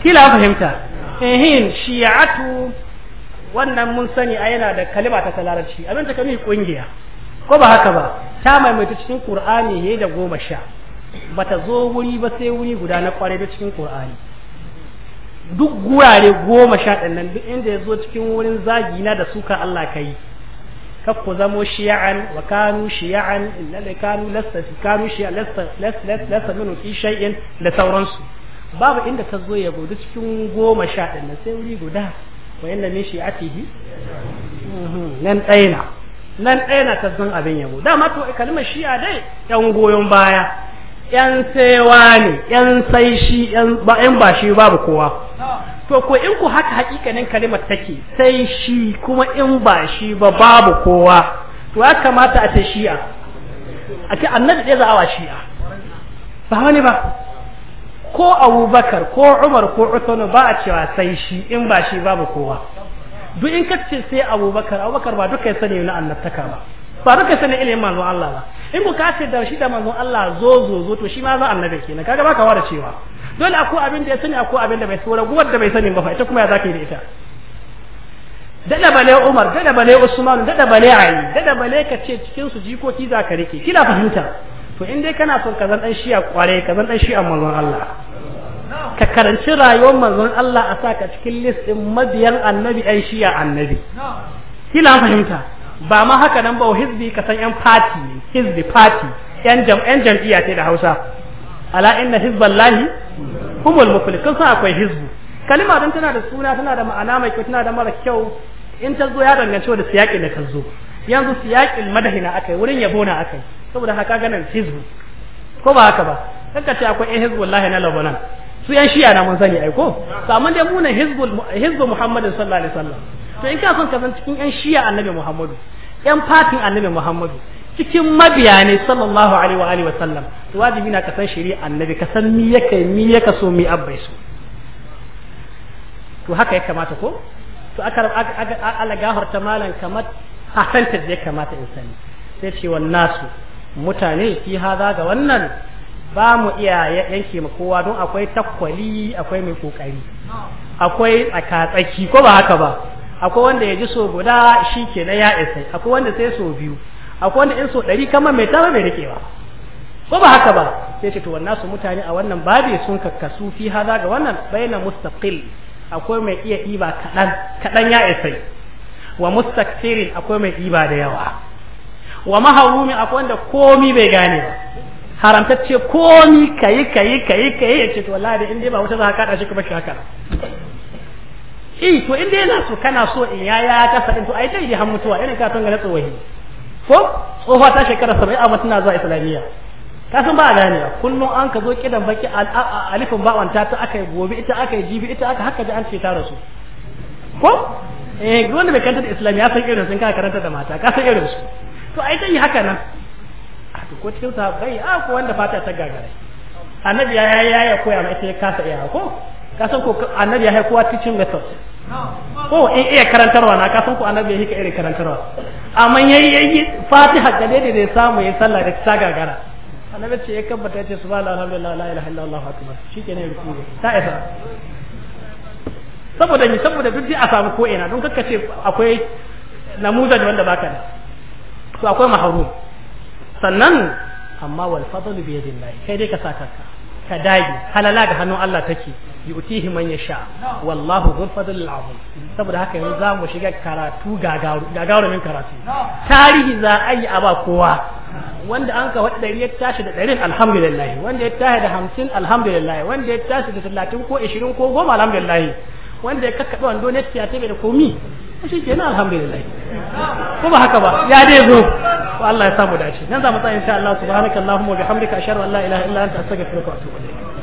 kila fahimta ehin shi'atu wannan mun sani a yana da kalima ta talarci abin ta kami kungiya ko ba haka ba ta maimaita cikin qur'ani ne da goma sha bata zo wuri ba sai wuri guda na kware da cikin qur'ani duk gurare goma sha ɗannan duk inda ya zo cikin wurin zagina da suka Allah ka yi kakko zamo shiya'an wa kanu shiya'an lalle kanu lasta kanu shiya lasta lasta lasta minu fi shay'in da sauransu babu inda ka zo ya gudu cikin goma sha ɗannan sai wuri guda wa inda min shi'atihi mhm, nan ɗaya nan ɗaya na ta zan abin yabo dama to kalmar shi'a dai ɗan goyon baya yan saiwa ne yan sai shi yan ba shi babu kowa to ko in ku haka hakikanin kalimar take sai shi kuma in ba shi ba babu kowa to ya kamata a ta shi'a a ce annabi ɗaya za'awa shi'a ba wani ba ko abubakar ko umar ko usman ba a cewa sai shi in ba shi babu kowa duk in ce sai abubakar Bakar ba duka ya sani na annabtaka ba ba duka sanin ilimin manzon Allah ba in ku kace da shi da manzon Allah zo zo zo to shi ma za annabi kenan kaga baka wada cewa dole akwai abin da ya sani akwai abin da bai so raguwar da bai sani ba fa ita kuma ya zaka yi da ita dada bale Umar dada bale Usman dada bale Ali dada bale ka ce cikin su jikoki za ka rike kina fahimta to in dai kana son ka zan dan a kware ka zan dan a manzon Allah ka karanci rayuwar manzon Allah a saka cikin list din mabiyan annabi ai shi'a annabi kina fahimta ba ma haka nan ba hizbi ka san yan fati ne hizbi fati yan jam'iyya ce da Hausa ala inna hizballahi humul muflihun kun san akwai hizbu kalima don tana da suna tana da ma'ana mai kyau tana da mara kyau in ta zo ya danganci da siyaƙin da ka zo yanzu siyaƙin madahina akai wurin yabo na akai saboda haka ganin hizbu ko ba haka ba kanka ce akwai yan hizbullahi na Lebanon su yan shiya na mun sani ai ko to amma dai mu ne hizbul hizbu Muhammadin sallallahu alaihi wasallam to in ka son ka san cikin yan shiya annabi Muhammadu yan fatin annabi Muhammadu cikin mabiya ne sallallahu alaihi wa alihi wa sallam to wajibi na ka san shari'a annabi ka san mi yake mi yake so mi abbai so to haka ya kamata ko to aka ala ta malan kamar hasantar da ya kamata in sani sai ce nasu mutane fi haza ga wannan ba mu iya yanke ma kowa don akwai takwali akwai mai kokari akwai tsaka-tsaki ko ba haka ba akwai wanda ya ji so guda shi ke na ya isai akwai wanda sai so biyu akwai wanda in so ɗari kama mai tama mai rikewa ko ba haka ba sai ce to wannan su mutane a wannan babi sun kakkasu fi haza ga wannan bayyana mustaqil akwai mai iya ɗiba kaɗan kaɗan ya isai wa mustakfirin akwai mai ɗiba da yawa wa maharumi akwai wanda komi bai gane ba haramtacce komi kayi kayi kayi kayi ya ce to wallahi in dai ba wuta za ka kaɗa shi kuma shi haka eh to in dai yana so kana so in ya ya ka sadin to ai dai han mutuwa irin ka san ga latsa wahi ko tsofa ta shekara 70 amma tana zuwa islamiyya ka san ba gane kullum an ka zo kidan baki alifin bawanta ta aka yi gobe ita aka yi jibi ita aka haka ji an ce ta rasu ko eh wanda bai kanta da islam ya san irin sun ka karanta da mata ka san irin su to ai dai haka nan a to ko tilta bai a ko wanda fata ta gagara annabi ya ya ya koya mai ita ya kasa iya ko Ka san ko annabi ya kowa teaching method ko in iya karantarwa na ka san ko annabi ya hika irin karantarwa amma yayi yayi fatiha da dai da samu ya sallah da ta gagara annabi ce ya kabbata ce subhanallahi alhamdulillah la ilaha illallah akbar shikenan ya ruku ta isa saboda ni saboda duk a samu ko ina don kakkace akwai namuzan wanda baka da to akwai mahrum sannan amma wal fadlu bi yadillahi kai dai ka saka ka dage halala ga hannun Allah take yutihi man yasha wallahu dhul fadl al saboda haka yanzu zamu shiga karatu gagaru gagarumin karatu tarihi za a yi a ba kowa wanda an ka wata dari ya tashi da ɗarin alhamdulillah wanda ya tashi da hamsin alhamdulillah wanda ya tashi da talatin ko ishirin ko goma alhamdulillah wanda ya kakkaɓe wando na ya tabe da komi shi kenan alhamdulillah ko ba haka ba ya dai zo ko Allah ya samu dace nan za mu tsaya insha Allah subhanakallahumma wa bihamdika ashhadu an la ilaha illa anta astaghfiruka wa atubu ilayk